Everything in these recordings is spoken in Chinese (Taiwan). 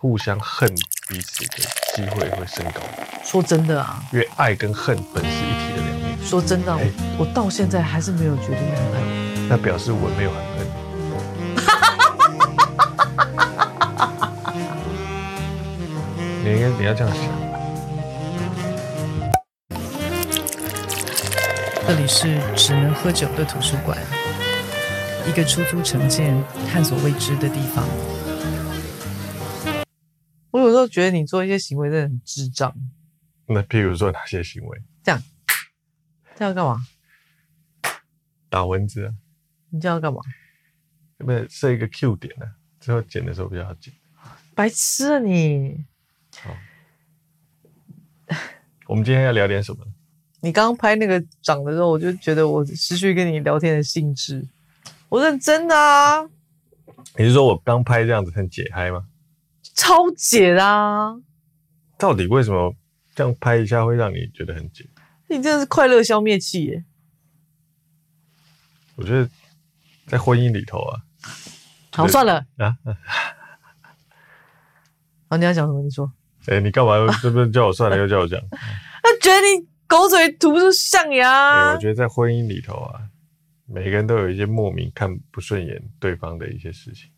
互相恨彼此的機會會升高。說真的啊，因為愛跟恨本是一體的兩面。說真的，啊，我，欸，我到現在還是沒有決定要恨。那表示我沒有很恨你。哈哈哈！哈哈哈！哈哈哈！哈哈哈！你應該不要這樣想。這裡是只能喝酒的圖書館，一個出租成見探索未知的地方。都覺得你做一些行為真的很智障，那譬如說哪些行為？這樣，這樣幹嘛？打蚊子啊？你這樣幹嘛？有沒有設一個 Q 點呢、啊？最後剪的時候比較好剪。白痴啊你！好、哦， 我們今天要聊點什麼？你剛剛拍那個掌的時候，我就覺得我失去跟你聊天的興致。我認真的啊！你是說我剛拍這樣子很解嗨嗎？超解啦、啊，到底為什麼這樣拍一下會讓你覺得很解？你真的是快樂消滅器、欸。我覺得在婚姻裡頭啊，好、就是、算了啊。好、 啊，你要講什麼、欸？你說。哎，你幹嘛要是不是叫我算了？ 又叫我講？那、 啊、覺得你狗嘴吐不出象牙、欸。我覺得在婚姻裡頭啊，每個人都有一些莫名看不順眼對方的一些事情。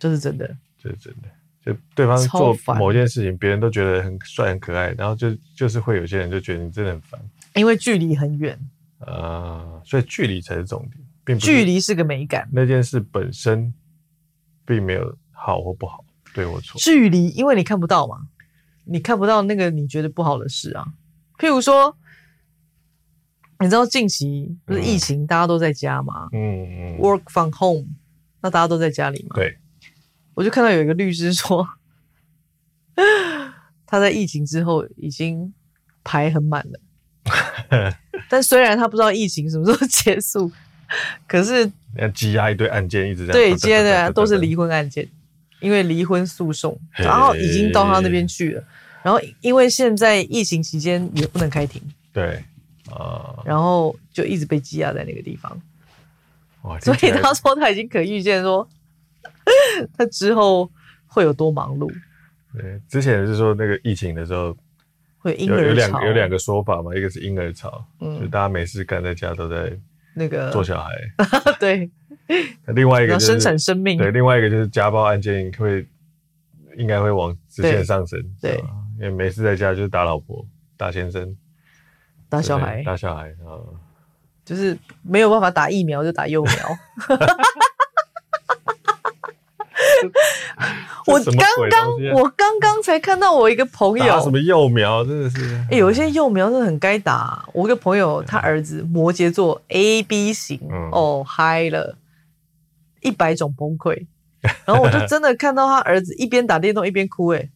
這、就是真的。這、就是真的。就對方做某件事情，別人都覺得很帥很可愛，然後就就是會有些人就覺得你真的很煩，因為距離很遠啊，所以距離才是重點，並不是距離是個美感。那件事本身並沒有好或不好，對或錯。距離，因為你看不到嘛，你看不到那個你覺得不好的事啊。譬如說，你知道近期不是疫情，大家都在家嘛，嗯嗯，嗯，work from home，那大家都在家裡嘛，對。我就看到有一個律師說，他在疫情之後已經排很滿了， 但雖然他不知道疫情什麼時候結束，可是要積壓一堆案件一直在，對，接着都是離婚案件，因為離婚訴訟，然後已經到他那邊去了， 然後因為現在疫情期間也不能開庭，對，啊、呃，然後就一直被積壓在那個地方，所以他說他已經可預見說。他之後會有多忙碌？對，之前是說那個疫情的時候，會嬰兒潮有有兩有兩個說法嘛，一個是嬰兒潮，嗯，就大家沒事幹在家都在那個做小孩，那個、 對。另外一個、就是、生產生命，對，另外一個就是家暴案件會應該會往直線上升，對，因為沒事在家就是打老婆、打先生、打小孩、打小孩啊，就是沒有辦法打疫苗就打幼苗。 我剛剛、啊、我剛剛才看到我一個朋友打什麼幼苗，真的是、欸、有一些幼苗是很該打、啊。我一個朋友、嗯、他兒子摩羯座 A B 型哦嗨、嗯 oh, 了，一百種崩潰。然後我就真的看到他兒子一邊打電動一邊哭、欸，哎，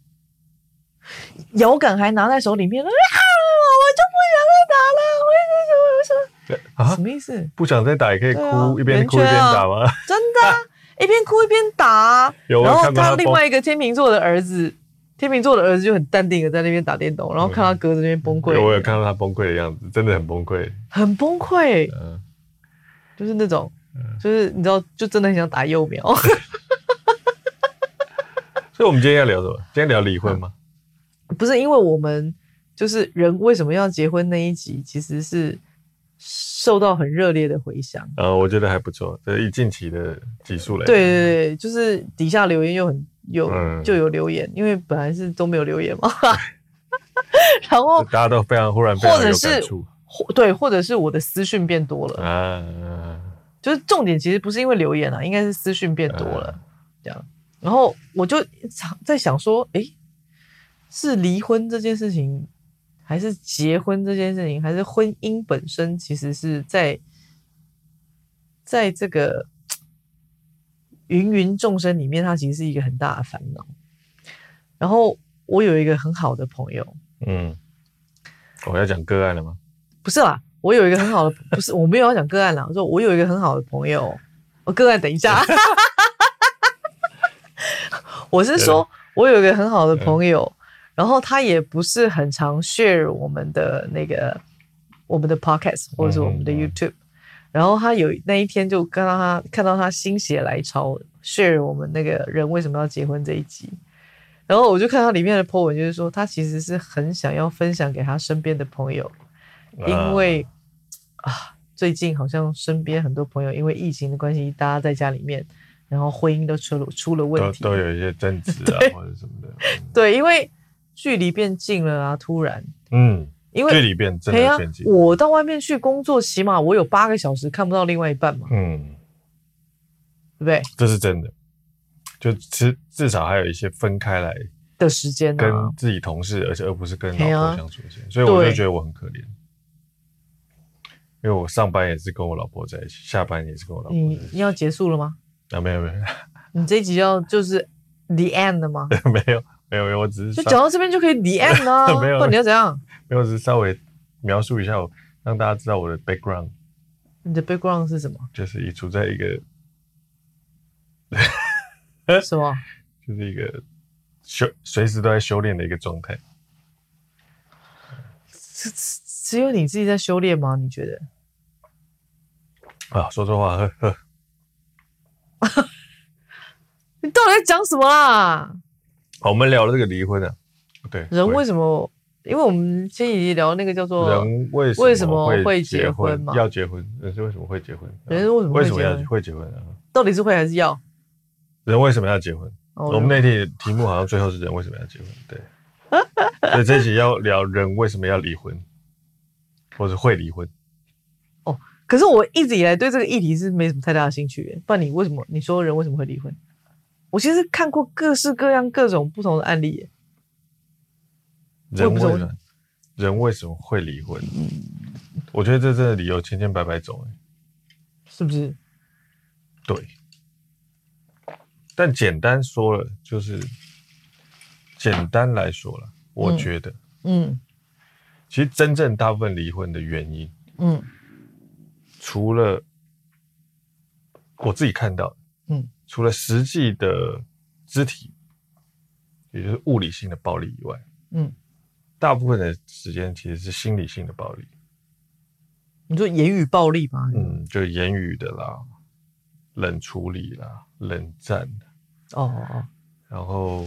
搖桿還拿在手裡面啊！ 我就不想再打了，我一直我啊什麼意思？不想再打也可以哭，啊、一邊哭一邊打嗎？啊、真的、啊。 一邊哭一邊打，然後他另外一個天秤座的兒子，天秤座的兒子就很淡定的在那邊打電動，然後看他哥在那邊崩潰，有我有看到他崩潰的樣子，真的很崩潰，很崩潰，嗯，就是那種、嗯，就是你知道，就真的很想打幼苗， 所以，我們今天要聊什麼？今天聊離婚嗎？啊、不是，因為我們就是人為什麼要結婚那一集，其實是，受到很熱烈的回響啊，我覺得還不錯，這一近期的集數了。對對對，就是底下留言又很有、嗯、就有留言，因為本來是都沒有留言嘛。 然後大家都非常忽然常，或者是或對，或者是我的私訊變多了。嗯、啊啊，就是重點其實不是因為留言啊，應該是私訊變多了、啊、這樣。然後我就常在想說，誒、欸，是離婚這件事情，還是結婚這件事情，還是婚姻本身，其實是在在這個芸芸眾生裡面，它其實是一個很大的煩惱。然後我有一個很好的朋友，嗯，我要講個案了嗎？不是啦，我有一個很好的，不是，我沒有要講個案啦。 我說我有一個很好的朋友，我個案等一下， 我是說、嗯、我有一個很好的朋友。嗯然後他也不是很常 share 我們的那個我們的 podcast 或者是我們的 YouTube，、嗯嗯、然後他有那一天就看到他看到他心血來潮，嗯、share 我們那個人為什麼要結婚這一集，然後我就看他裡面的 po 文，就是說他其實是很想要分享給他身邊的朋友，因為啊，啊最近好像身邊很多朋友因為疫情的關係，大家在家裡面，然後婚姻都出了出了問題，都，都有一些爭執啊 或者什麼的，嗯、對，因為。距離變近了啊！突然，嗯，因為距離變真的變近。哎，我到外面去工作，起碼我有八個小時看不到另外一半嘛，嗯，對不對？這是真的，就其至，至少還有一些分開來的時間，啊，跟自己同事，而且而不是跟老婆相處的時間。哎，所以我就覺得我很可憐，因為我上班也是跟我老婆在一起，下班也是跟我老婆在一起。你要結束了嗎？啊，沒有沒有，你這一集要就是 the end 嗎？ 沒有。沒有，我只是就講到這邊就可以 the end 了。沒有，你要怎樣？沒有，我只是稍微描述一下我，讓大家知道我的 background。你的 background 是什麼？就是你處在一個什麼？ 就是一個修隨時都在修煉的一個狀態。只只有你自己在修煉嗎？你覺得？啊，說說話，呵呵， 你到底在講什麼啊？好，我們聊了這個離婚的、啊，對。人為什麼？因為我們先已經聊那個叫做人為什麼為什麼會結婚嘛，要結婚，人是為什麼會結婚？人是為什麼會結婚為什麼要會結,會結婚啊？到底是會還是要？人為什麼要結婚、哦？我們那天題目好像最後是人為什麼要結婚，對。 所以這一集要聊人為什麼要離婚，或者會離婚。哦，可是我一直以來對這個議題是沒什麼太大的興趣，不然，你為什麼？你說人為什麼會離婚？我其實看過各式各樣、各種不同的案例、欸。人為什麼會會人為什麼會離婚？我覺得這真的理由千千百百種、欸。是不是？對。但簡單說了，就是簡單來說了、嗯，我覺得，嗯，其實真正大部分離婚的原因，嗯，除了我自己看到。嗯，除了實際的肢體，也就是物理性的暴力以外，嗯，大部分的時間其實是心理性的暴力。你說言語暴力吧？嗯，就言語的啦，冷處理啦，冷戰。哦哦哦。然後，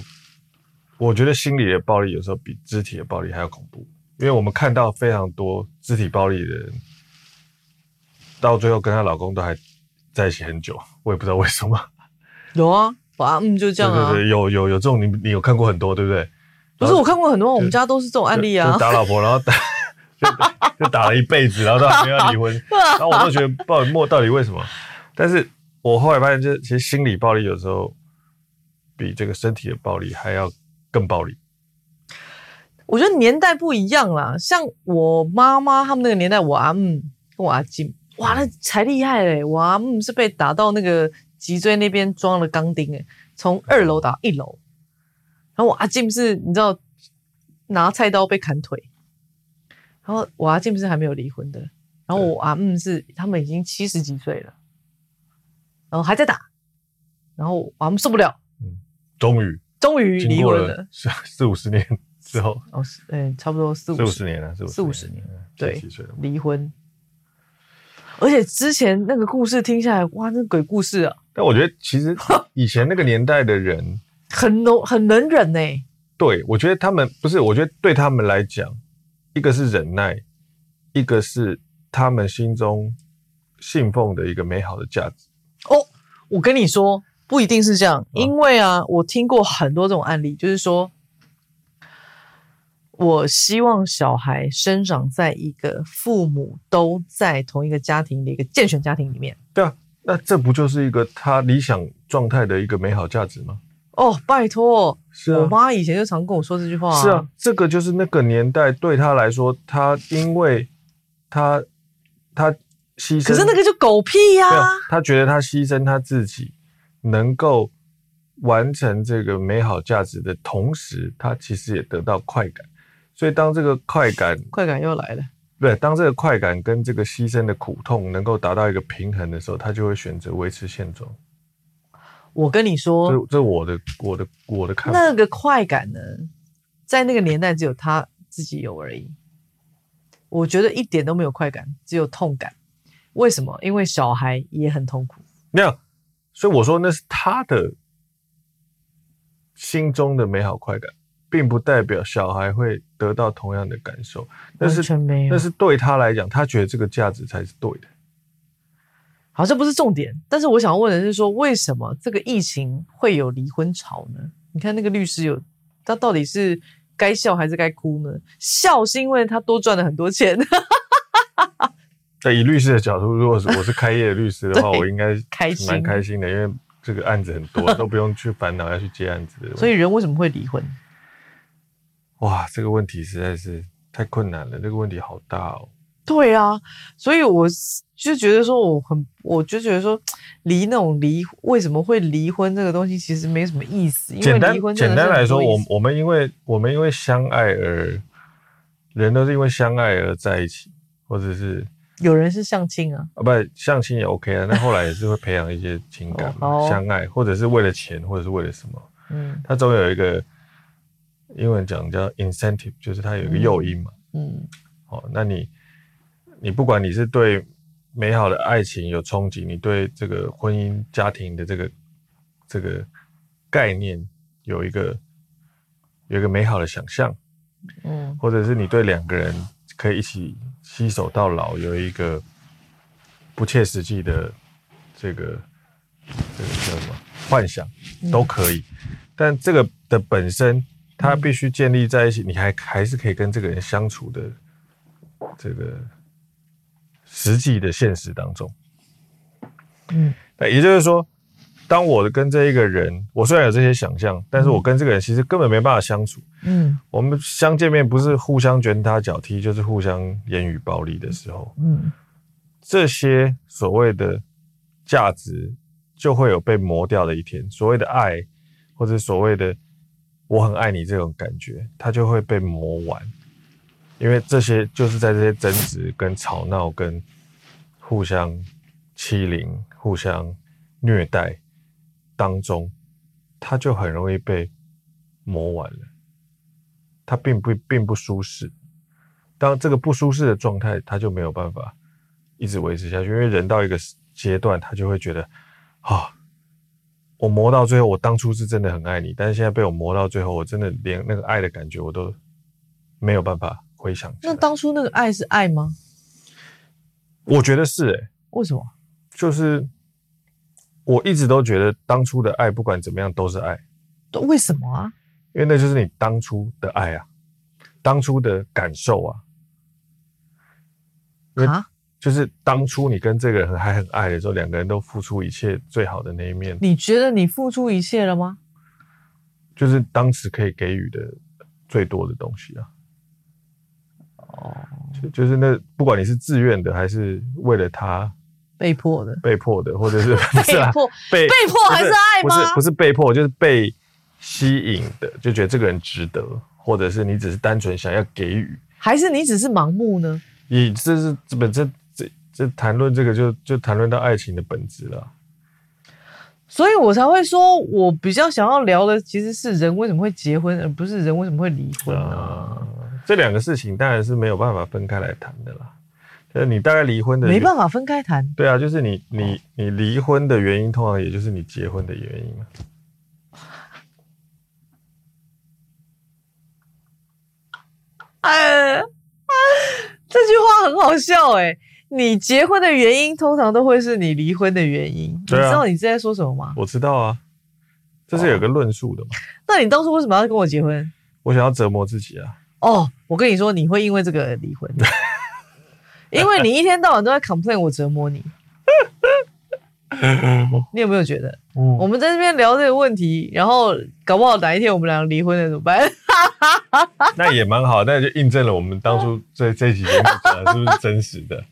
我覺得心理的暴力有時候比肢體的暴力還要恐怖，因為我們看到非常多肢體暴力的人，到最後跟她老公都還。在一起很久，我也不知道為什麼。有啊，我阿、啊、姆、嗯、就這樣、啊對對對。有有有這種，你你有看過很多，對不對？不是我看過很多，就是、我們家都是這種案例啊，就就打老婆，然後打， 就，就打了一輩子，然後到還沒有離婚， 然後我就覺得不知道到底為什麼？ 但是我後來發現就，這其實心理暴力有時候比這個身體的暴力還要更暴力。我覺得年代不一樣啦，像我媽媽他們那個年代，我阿、啊、姆、嗯、跟我阿、啊、金。哇，那才厲害嘞！我阿姆、啊嗯、是被打到那個脊椎那邊裝了鋼釘誒，從二樓打到一樓。然後我阿姆是，你知道，拿菜刀被砍腿。然後我阿姆不是還沒有離婚的。然後我阿、啊、姆、嗯、是，他們已經七十幾歲了，然後還在打，然後我阿姆、啊、受不了、嗯。終於，終於離婚了，了四四五十年之後，哦，嗯，差不多四五十四五十年了，四五十年，了四五十年，了十年了，對，離婚。而且之前那個故事聽下來，哇，那個鬼故事啊！但我覺得其實以前那個年代的人 很能、很能忍呢、欸。對，我覺得他們不是，我覺得對他們來講，一個是忍耐，一個是他們心中信奉的一個美好的價值。哦，我跟你說，不一定是這樣、啊，因為啊，我聽過很多這種案例，就是說。我希望小孩生長在一個父母都在同一個家庭的一個健全家庭裡面。對啊，那這不就是一個他理想狀態的一個美好價值嗎？哦，拜託，是啊。我媽以前就常跟我說這句話啊。是啊，這個就是那個年代對他來說，他因為他他犧牲，可是那個就狗屁呀！對啊！他覺得他犧牲他自己，能夠完成這個美好價值的同時，他其實也得到快感。所以，當這個快感，快感又來了，對，當這個快感跟這個犧牲的苦痛能夠達到一個平衡的時候，他就會選擇維持現狀。我跟你說，這這是我的我的我的看法。那個快感呢，在那個年代只有他自己有而已。我覺得一點都沒有快感，只有痛感。為什麼？因為小孩也很痛苦。沒有，所以我說那是他的心中的美好快感。並不代表小孩會得到同樣的感受，但是但是對他來講，他覺得這個價值才是對的。好像不是重點。但是我想問的是說，說為什麼這個疫情會有離婚潮呢？你看那個律師有，他到底是該笑還是該哭呢？笑是因為他多賺了很多錢。在 以律師的角度，如果是我是開業的律師的話， 我應該開心，蠻開心的開心，因為這個案子很多都不用去煩惱 要去接案子。所以人為什麼會離婚？哇，這個問題實在是太困難了，這個問題好大哦。對啊，所以我就覺得說，我很，我就覺得說，離那種離為什麼會離婚這個東西其實沒什麼意思。因為離婚簡單簡單來說，我我們因為我們因為相愛而人都是因為相愛而在一起，或者是有人是相親啊，啊不相親也 OK 啊，那後來也是會培養一些情感嘛， 哦哦、相愛或者是為了錢或者是為了什麼，嗯，他總有一個。英文講叫 incentive，就是它有一個誘因嘛。嗯。好、嗯哦，那你，你不管你是對美好的愛情有憧憬，你對這個婚姻家庭的這個這個概念有一個有一個美好的想象，嗯，或者是你對兩個人可以一起攜手到老，有一個不切實際的這個這個叫什麼幻想都可以、嗯，但這個的本身。他必須建立在一起，你還還是可以跟這個人相處的，這個實際的現實當中。嗯，那也就是說，當我跟這一個人，我雖然有這些想象，但是我跟這個人其實根本沒辦法相處。嗯，我們相見面不是互相拳打腳踢，就是互相言語暴力的時候。嗯，這些所謂的價值就會有被磨掉的一天。所謂的愛，或者所謂的……我很愛你這種感覺，它就會被磨完，因為這些就是在這些爭執、跟吵鬧、跟互相欺凌、互相虐待當中，它就很容易被磨完了。它並不並不舒適，當這個不舒適的狀態，它就沒有辦法一直維持下去，因為人到一個階段，他就會覺得，啊、哦。我磨到最後，我當初是真的很愛你，但是現在被我磨到最後，我真的連那個愛的感覺我都沒有辦法回想。那當初那個愛是愛嗎？我覺得是誒。欸。為什麼？就是我一直都覺得當初的愛不管怎麼樣都是愛。都，為什麼啊？因為那就是你當初的愛啊，當初的感受啊。就是當初你跟這個人還很愛的時候，兩個人都付出一切最好的那一面。你覺得你付出一切了嗎？就是當時可以給予的最多的東西啊。哦、oh.，就是那不管你是自願的，還是為了他被迫的，被迫的，或者是 被迫被，被迫還是愛嗎？不是，不是被迫，就是被吸引的，就覺得這個人值得，或者是你只是單純想要給予，還是你只是盲目呢？你這是這本身。這談論這個就就談論到愛情的本質了，啊，所以我才會說，我比較想要聊的其實是人為什麼會結婚，而不是人為什麼會離婚啊，啊。這兩個事情當然是沒有辦法分開來談的啦。呃，你大概離婚的沒辦法分開談，對啊，就是你你你離婚的原因，通常也就是你結婚的原因嘛。嗯哎、呃、啊，這句話很好笑誒、欸。你結婚的原因通常都會是你離婚的原因，啊，你知道你是在說什麼嗎？我知道啊，這是有個論述的嘛，哦。那你當初為什麼要跟我結婚？我想要折磨自己啊。哦，oh,，我跟你說，你會因為這個離婚。 因為你一天到晚都在 complain，我折磨你。嗯 你有沒有覺得，嗯，我們在這邊聊這個問題，然後搞不好哪一天我們兩個離婚了怎麼辦？ 那也蠻好，那就印證了我們當初在這幾 集講的是不是真實的？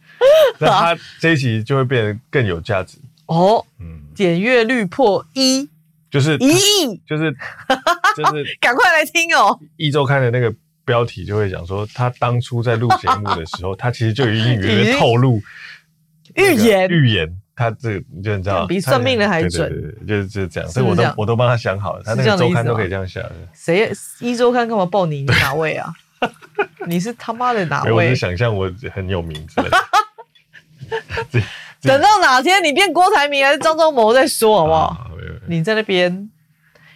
那他這一集就會變得更有價值哦。嗯，點閱率破一，就是一億，就是，就 是，趕快來聽哦！壹週刊的那個標題就會講說，他當初在錄節目的時候， 他其實就已經有人透露預、那個、言，預言，他這你就你知道比算命的還準，對對對對就是就這是這樣。所以我都我都幫他想好了，他那個週刊都可以這樣想。誰壹週刊幹嘛報你，你哪位啊？ 你是他媽的哪位？我是想象我很有名字。 等到哪天你變郭台銘還是張忠謀再說好不好？啊、你在那邊，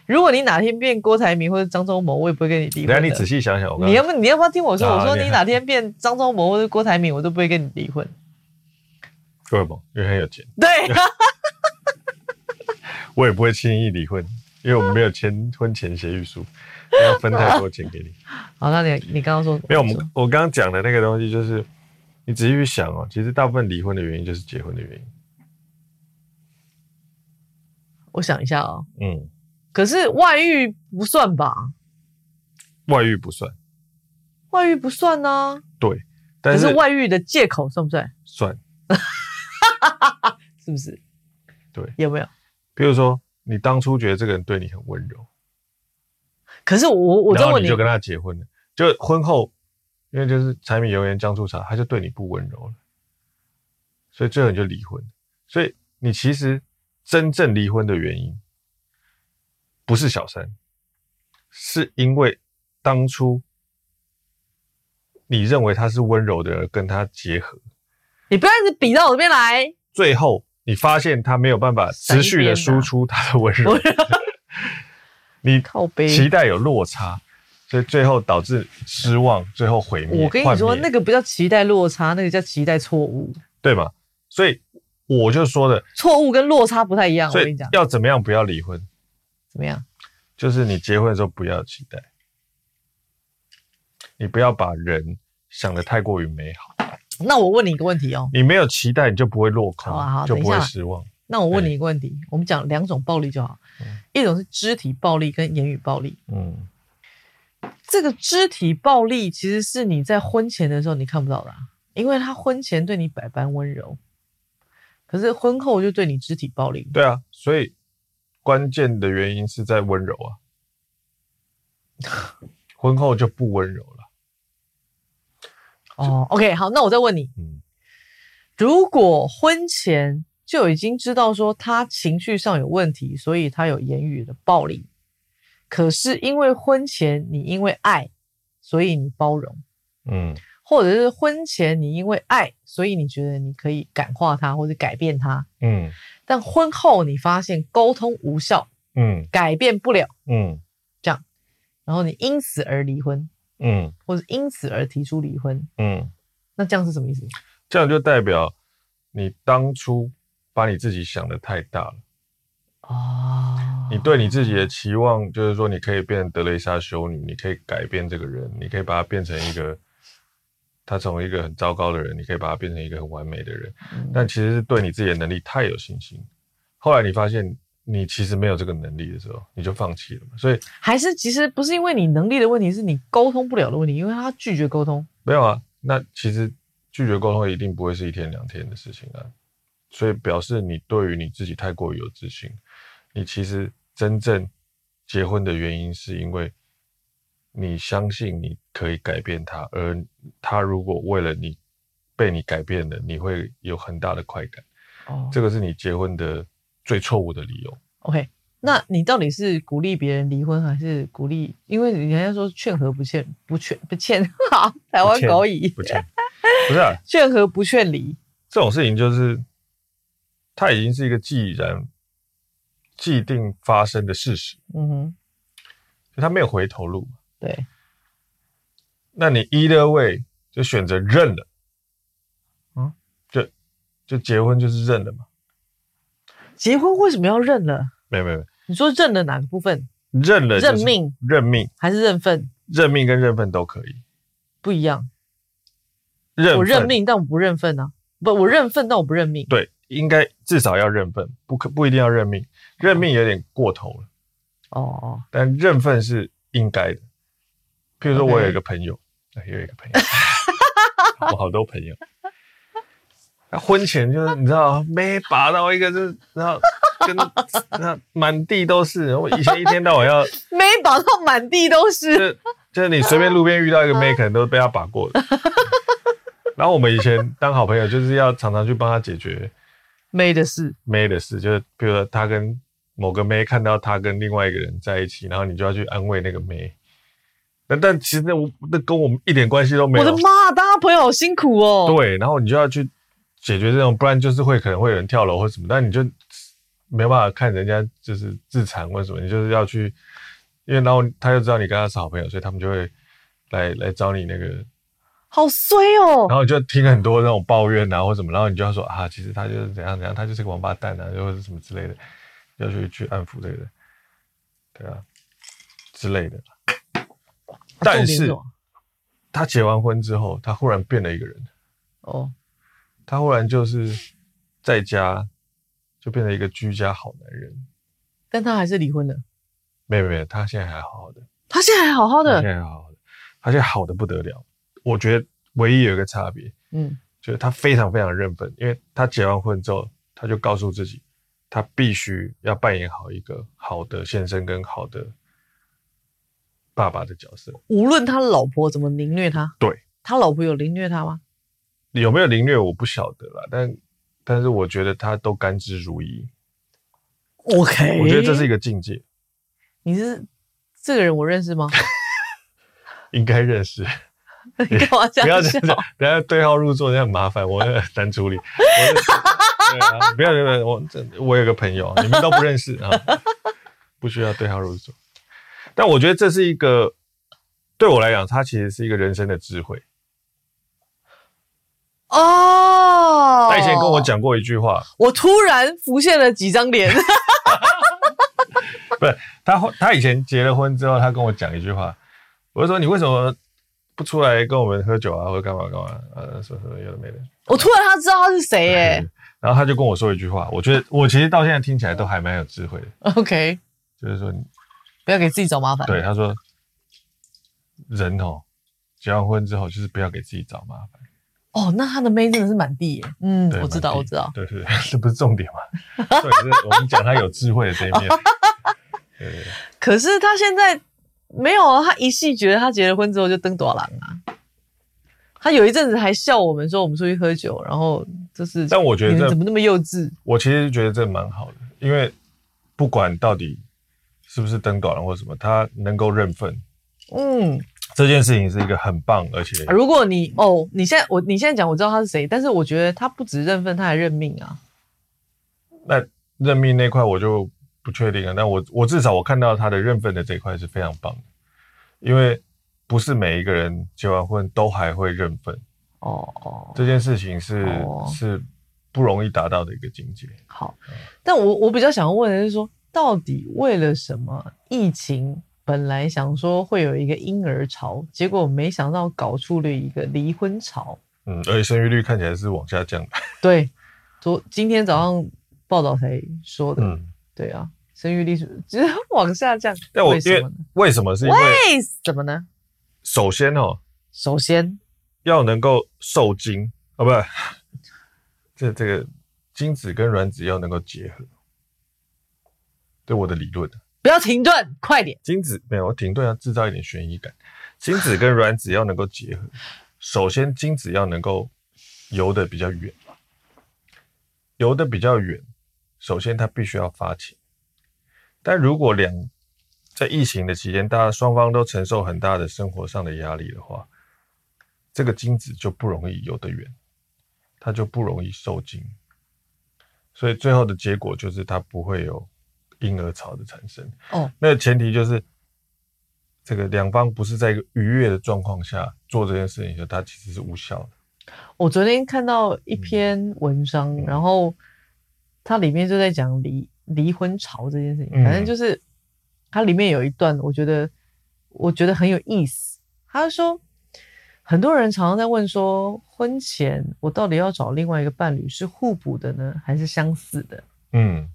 如果你哪天變郭台銘或者張忠謀，我也不會跟你離婚。那你仔細想想我剛剛，你要不要你要不要聽我說？我說、啊、你，你哪天變張忠謀或者郭台銘，我都不會跟你離婚。為什麼？因為很有錢。對、啊， 我也不會輕易離婚，因為我們沒有簽婚前協議書，不 要分太多錢給你。好，那你你剛剛說，說沒有？我們我剛剛講的那個東西就是。你仔細去想哦，其實大部分離婚的原因就是結婚的原因。我想一下哦，嗯，可是外遇不算吧？外遇不算，外遇不算呢、啊。對，但是，可是外遇的借口算不算？算， 是不是？對，有沒有？比如說，你當初覺得這個人對你很溫柔，可是我，我就問你，你就跟他結婚了，就婚後。因為就是柴米油鹽醬醋茶，他就對你不溫柔了，所以最後你就離婚。所以你其實真正離婚的原因不是小三，是因為當初你認為他是溫柔的而跟他結合，你不要一直比到我這邊來。最後你發現他沒有辦法持續的輸出他的溫柔，啊、 你期待有落差。所以最後導致失望，嗯、最後毀滅。我跟你說，那個不叫期待落差，那個叫期待錯誤，對嘛。所以我就說的錯誤、嗯、跟落差不太一樣。我跟你講，要怎麼樣不要離婚？怎麼樣？就是你結婚的時候不要期待，你不要把人想得太過於美好。 那我問你一個問題哦，你沒有期待，你就不會落空，就不會失望。那我問你一個問題，我們講兩種暴力就好、嗯，一種是肢體暴力跟言語暴力，嗯。這個肢體暴力其實是你在婚前的時候你看不到的啊，因為他婚前對你百般溫柔，可是婚後就對你肢體暴力。對啊，所以關鍵的原因是在溫柔啊， 婚後就不溫柔了。哦，Oh，OK，好，那我再問你，嗯，如果婚前就已經知道說他情緒上有問題，所以他有言語的暴力。可是因為婚前你因為愛，所以你包容，嗯，或者是婚前你因為愛，所以你覺得你可以感化他或者改變他，嗯，但婚後你發現溝通無效，嗯，改變不了，嗯，這樣，然後你因此而離婚，嗯，或者因此而提出離婚，嗯，那這樣是什麼意思？這樣就代表你當初把你自己想得太大了。哦、oh，你對你自己的期望就是說，你可以變成德蕾莎修女，你可以改變這個人，你可以把他變成一個，他成為一個很糟糕的人，你可以把他變成一個很完美的人。嗯、但其實是對你自己的能力太有信心，後來你發現你其實沒有這個能力的時候，你就放棄了嘛。所以還是其實不是因為你能力的問題，是你溝通不了的問題，因為他拒絕溝通。沒有啊，那其實拒絕溝通一定不會是一天兩天的事情啊，所以表示你對於你自己太過於有自信。你其實真正結婚的原因，是因為你相信你可以改變他，而他如果為了你被你改變了，你會有很大的快感。哦。Oh，這個是你結婚的最錯誤的理由。OK，那你到底是鼓勵別人離婚，還是鼓勵？因為人家說勸和不勸不勸不勸好，台灣國語，不勸，不勸，不是啊，勸和不勸離這種事情，就是他已經是一個既然。既定發生的事實，嗯哼，就他沒有回頭路。對，那你 either way 就選擇認了，嗯，就就結婚就是認了嘛。結婚為什麼要認了？沒有沒有，你說認了哪個部分？認了認命，認命還是認份？認命跟認份都可以，不一樣，認分。我認命，但我不認份啊。不，我認份，但我不認命。對。應該至少要認份，不可不一定要認命，認命有點過頭了。哦，但認份是應該的。哦。譬如說我有一個朋友，嗯、有一個朋友， 我好多朋友，啊，婚前就是你知道，沒拔到一個，就是，是然後跟那滿地都是。我以前一天到晚要沒拔到滿地都是，就是你隨便路邊遇到一個妹，啊，可能都被他拔過。然後我們以前當好朋友，就是要常常去幫他解決。沒的事，沒的事，就是比如說他跟某個妹看到他跟另外一個人在一起，然後你就要去安慰那個妹。但但其實那那跟我們一點關係都沒有。我的媽啊，當他朋友好辛苦哦。對，然後你就要去解決這種，不然就是會可能會有人跳樓或什麼。但你就沒有辦法看人家就是自殘或什麼，你就是要去，因為然後他就知道你跟他是好朋友，所以他們就會來來找你那個。好衰哦！然後就聽很多那種抱怨啊，嗯、或什麼，然後你就要說啊，其實他就是怎樣怎樣，他就是個王八蛋啊，又或者什麼之類的，要去去安撫這個人。對啊，之類的。啊、但是、啊、他結完婚之後，他忽然變了一個人。哦。他忽然就是在家就變成一個居家好男人。但他還是離婚了。沒有沒有，他現在還好好的。他現在還好好的。現在還好好的。他現在好的不得了。我覺得唯一有一個差別，嗯，就是他非常非常認分。因為他結完婚之後，他就告訴自己，他必須要扮演好一個好的先生跟好的爸爸的角色。無論他老婆怎麼凌虐他，對，他老婆有凌虐他嗎？有沒有凌虐我不曉得啦，但但是我覺得他都甘之如饴。OK，我覺得這是一個境界。你是這個人我認識嗎？ 應該認識。你跟我講？不要這樣 對號入座真的很麻煩 就很麻煩，我難處理。不要、啊，不要，我這我有個朋友，你們都不認識啊，不需要對號入座。但我覺得這是一個對我來講，他其實是一個人生的智慧。哦，他以前跟我講過一句話，我突然浮現了幾張臉。 不是他，他以前結了婚之後，他跟我講一句話，我就說：“你為什麼？”不出來跟我們喝酒啊，或者幹嘛幹嘛、啊，呃、啊，什麼有的沒的、啊。我突然他知道他是誰耶、欸，然後他就跟我說一句話，我覺得我其實到現在聽起來都還蠻有智慧的。OK，就是說你不要給自己找麻煩。對，他說人哦、喔，結完婚之後就是不要給自己找麻煩。哦，那他的妹真的是滿地耶、欸。 嗯，我知道，我知道。對對，這不是重點嘛。 對，是我們講他有智慧的這一面。 對對對，可是他現在。沒有啊，他一系覺得他結了婚之後就轉大人啊。他有一陣子還笑我們說我們出去喝酒，然後就是麼麼。但我覺得這怎麼那麼幼稚？我其實覺得這蠻好的，因為不管到底是不是轉大人或者什麼，他能夠認份。嗯，這件事情是一個很棒，而且如果你哦，你現在我你現在講，我知道他是誰，但是我覺得他不止認份，他還認命啊。那認命那一塊我就。不確定啊，但我我至少我看到他的認份的這一塊是非常棒的，因為不是每一個人結完婚都還會認份哦哦，這件事情是、哦、是不容易達到的一個境界。嗯、好，但我我比較想問的是說，到底為了什麼？疫情本來想說會有一個嬰兒潮，結果沒想到搞出了一個離婚潮。嗯，而且生育率看起來是往下降的。對，昨今天早上報道才說的。嗯，對啊。生育力是只是往下降，但我為因為為什麼是因為，為什麼呢？首先哦，首先要能夠受精哦，不， 這這個精子跟卵子要能夠結合，對我的理論。不要停頓，快點。精子沒有我停頓，要製造一點懸疑感。精子跟卵子要能夠結合， 首先精子要能夠游得比較遠，游得比較遠，首先它必須要發情。但如果兩在疫情的期間，大家雙方都承受很大的生活上的壓力的話，這個精子就不容易游得遠，它就不容易受精，所以最後的結果就是它不會有嬰兒潮的產生。哦，那前提就是這個兩方不是在一個愉悅的狀況下做這件事情的時候，它其實是無效的。我昨天看到一篇文章，嗯，然後它裡面就在講離。離婚潮這件事情，反正就是它裡面有一段，我覺得、嗯、我覺得很有意思。他說，很多人常常在問說，婚前我到底要找另外一個伴侶是互補的呢，還是相似的？嗯。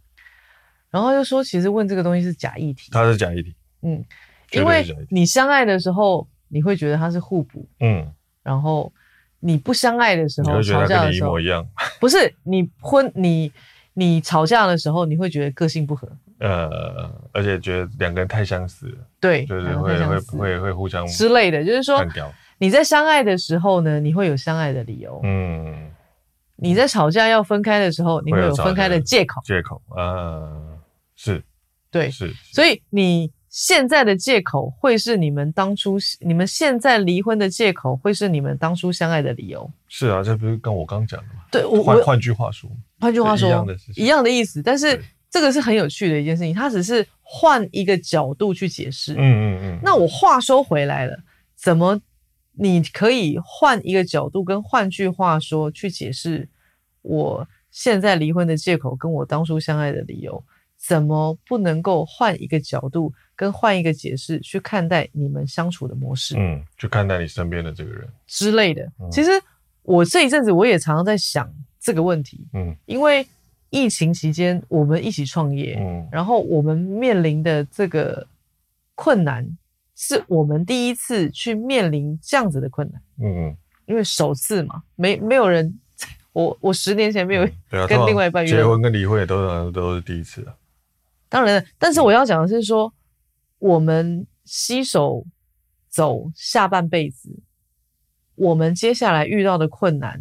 然後又說，其實問這個東西是假議題。它是假議題，嗯，因為你相愛的時候，你會覺得他是互補，嗯。然後你不相愛的時候，你會覺得他跟你一模一樣，吵架的時候，不是你婚你。你吵架的時候，你會覺得個性不合，呃，而且覺得兩個人太相似，對，就是會、啊、會會會會互相之類的，就是說你在相愛的時候呢，你會有相愛的理由，嗯，你在吵架要分開的時候，嗯、你會有分開的借口，借口，嗯、呃，是對是，是，所以你。現在的借口會是你們當初，你們現在離婚的借口，會是你們當初相愛的理由？是啊，這不是跟我剛、剛講的嗎？對，我、我換換句話說，換句話說，一樣的，一樣的意思。但是這個是很有趣的一件事情，它只是換一個角度去解釋。嗯嗯嗯。那我話說回來了，怎麼你可以換一個角度跟換句話說去解釋我現在離婚的借口，跟我當初相愛的理由？怎麼不能夠換一個角度，跟換一個解釋去看待你們相處的模式？嗯，去看待你身邊的這個人之類的。其實我這一陣子我也常常在想這個問題。嗯，因為疫情期間我們一起創業，嗯，然後我們面臨的這個困難，是我們第一次去面臨這樣子的困難。嗯嗯，因為首次嘛，沒沒有人，我我十年前沒有跟另外一半結婚跟離婚也都是都是第一次啊。當然，但是我要講的是說，嗯、我們攜手走下半輩子，我們接下來遇到的困難，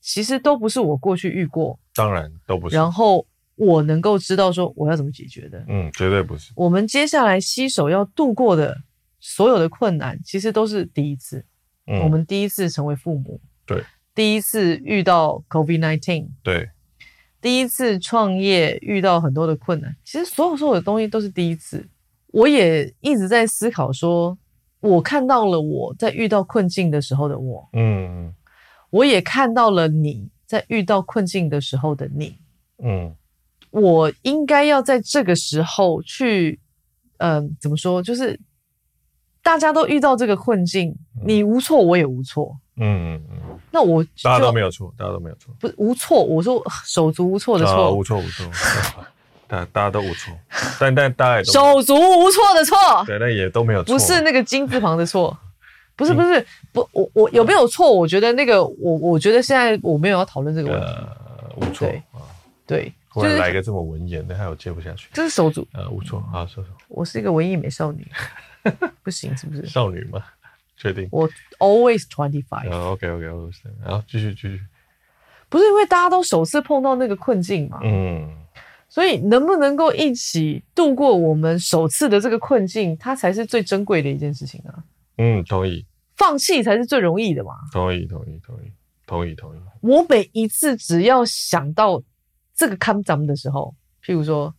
其實都不是我過去遇過，當然都不是。然後我能夠知道說我要怎麼解決的，嗯，絕對不是。我們接下來攜手要度過的所有的困難，其實都是第一次，嗯、我們第一次成為父母，對，第一次遇到 COVID-19，對。第一次創業遇到很多的困難，其實所有所有的東西都是第一次。我也一直在思考說，說我看到了我在遇到困境的時候的我，嗯，我也看到了你在遇到困境的時候的你，嗯，我應該要在這個時候去，嗯、呃，怎麼說，就是。大家都遇到這個困境，你無錯，我也無錯。嗯嗯嗯。那我大家都沒有錯，大家都沒有錯。不是無錯，我說手足無措的錯，啊。無錯無錯、大，啊、大家都無錯。 但但大家手足無措的錯，對但也都沒有錯。不是那個金字旁的錯， 不是不是不我我有沒有錯？我覺得那個我我覺得現在我沒有要討論這個問題。呃、無錯。對，就是來一個這麼文言，那我接不下去。這是手足。呃，無錯，好，收收。我是一個文藝美少女。 不行，是不是？少女嘛，確定。我 always twenty five。Oh, OK OK OK，好，繼續繼續。不是因為大家都首次碰到那個困境嘛？嗯，所以能不能夠一起度過我們首次的這個困境，它才是最珍貴的一件事情啊。嗯，同意。放棄才是最容易的嘛？同意同意同意同意同意。我每一次只要想到這個 come down 的時候，譬如說，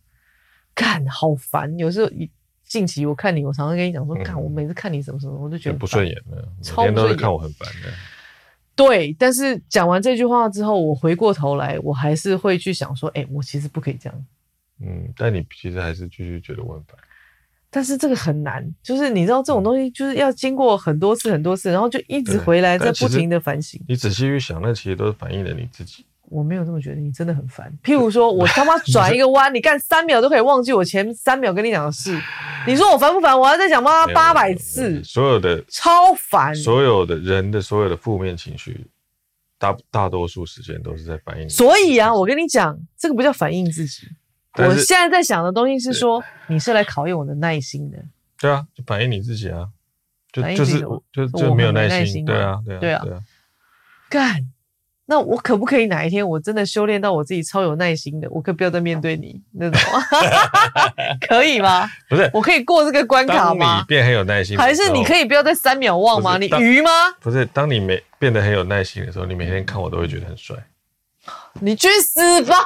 幹好煩，有時候一。近期我看你，我常常跟你講說，看、嗯、我每次看你什麼什麼，我就覺得很不順眼了。超不順眼，看我很煩的。對，但是講完這句話之後，我回過頭來，我還是會去想說，哎、欸，我其實不可以這樣。嗯，但你其實還是繼續覺得我很煩。但是這個很難，就是你知道這種東西，就是要經過很多次、很多次，然後就一直回來，在不停的反省。你仔細去想，那其實都是反映了你自己。我沒有這麼覺得，你真的很煩。譬如說，我他媽轉一個彎， 你幹三秒都可以忘記我前三秒跟你講的事。你說我煩不煩？我還在講媽媽八百次，所有的超煩。所有的人的所有的負面情緒，大大多數時間都是在反應。所以啊，我跟你講，這個不叫反應自己。我現在在想的東西是說，你是來考驗我的耐心的。對啊，就反映你自己啊，就就是就，就沒有耐心，耐心。對啊，對啊，對啊，幹。那我可不可以哪一天我真的修煉到我自己超有耐心的，我可不要再面對你那種， 可以嗎？不是，我可以過這個關卡嗎？你變很有耐心，還是你可以不要再三秒忘嗎？你魚嗎？不是，當你每變得很有耐心的時候，你每天看我都會覺得很帥。你去死吧！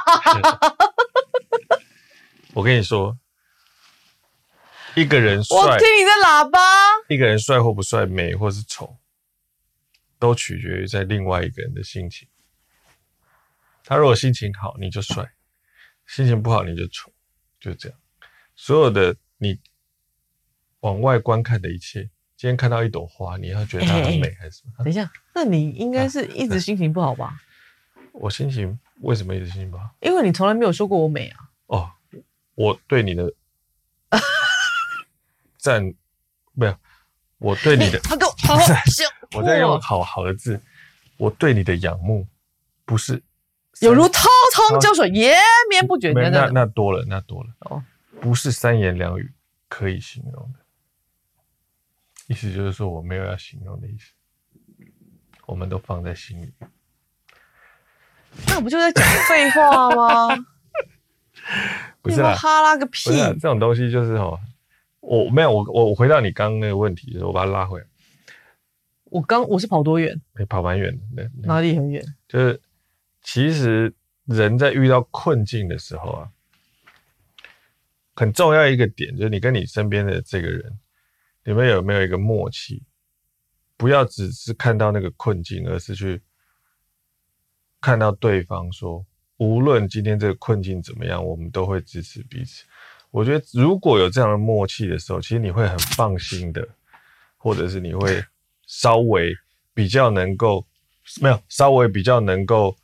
我跟你說，一個人帥，我聽你在喇叭。一個人帥或不帥，美或是醜，都取決於在另外一個人的心情。他如果心情好，你就帥；心情不好，你就醜，就這樣。所有的你往外觀看的一切，今天看到一朵花，你要覺得它很美、欸、還是什麼？等一下，那你應該是一直心情不好吧、啊？我心情為什麼一直心情不好？因為你從來沒有說過我美啊！哦，我對你的讚， 沒有，我對你的你好，給我好好 我在用好好的字，我對你的仰慕不是。有如滔滔江水，延、啊、綿不絕。那那多了，那多了，哦，不是三言兩語可以形容的。意思就是說，我沒有要形容的意思，我們都放在心裡。那不就是在講廢話嗎？ 是啊，你是哈拉個屁、啊！這種東西就是哈、哦，我沒有，我我回到你剛剛那個問題，我把它拉回來。我剛我是跑多遠？欸、跑蠻遠的，哪裡很遠？就是。其實人在遇到困境的時候啊，很重要一個點，就是你跟你身邊的這個人，你們有沒有一個默契？不要只是看到那個困境，而是去看到對方說，無論今天這個困境怎麼樣，我們都會支持彼此。我覺得如果有這樣的默契的時候，其實你會很放心的，或者是你會稍微比較能夠，沒有，稍微比較能夠。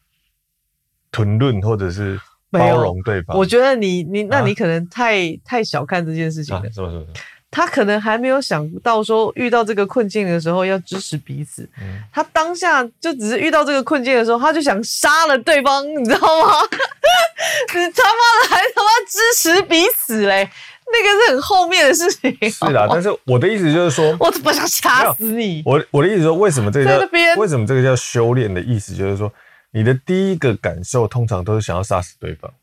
談論或者是包容對方，我覺得你你那你可能太、啊、太小看這件事情了。什麼什麼？他可能還沒有想到說遇到這個困境的時候要支持彼此。嗯、他當下就只是遇到這個困境的時候，他就想殺了對方，你知道嗎？ 你他媽的還他媽支持彼此嘞？那個是很後面的事情。是的，但是我的意思就是說， 我不想掐死你。你我我的意思說，為什麼這個邊為什麼這個叫修煉的意思就是說。你的第一個感受通常都是想要殺死對方。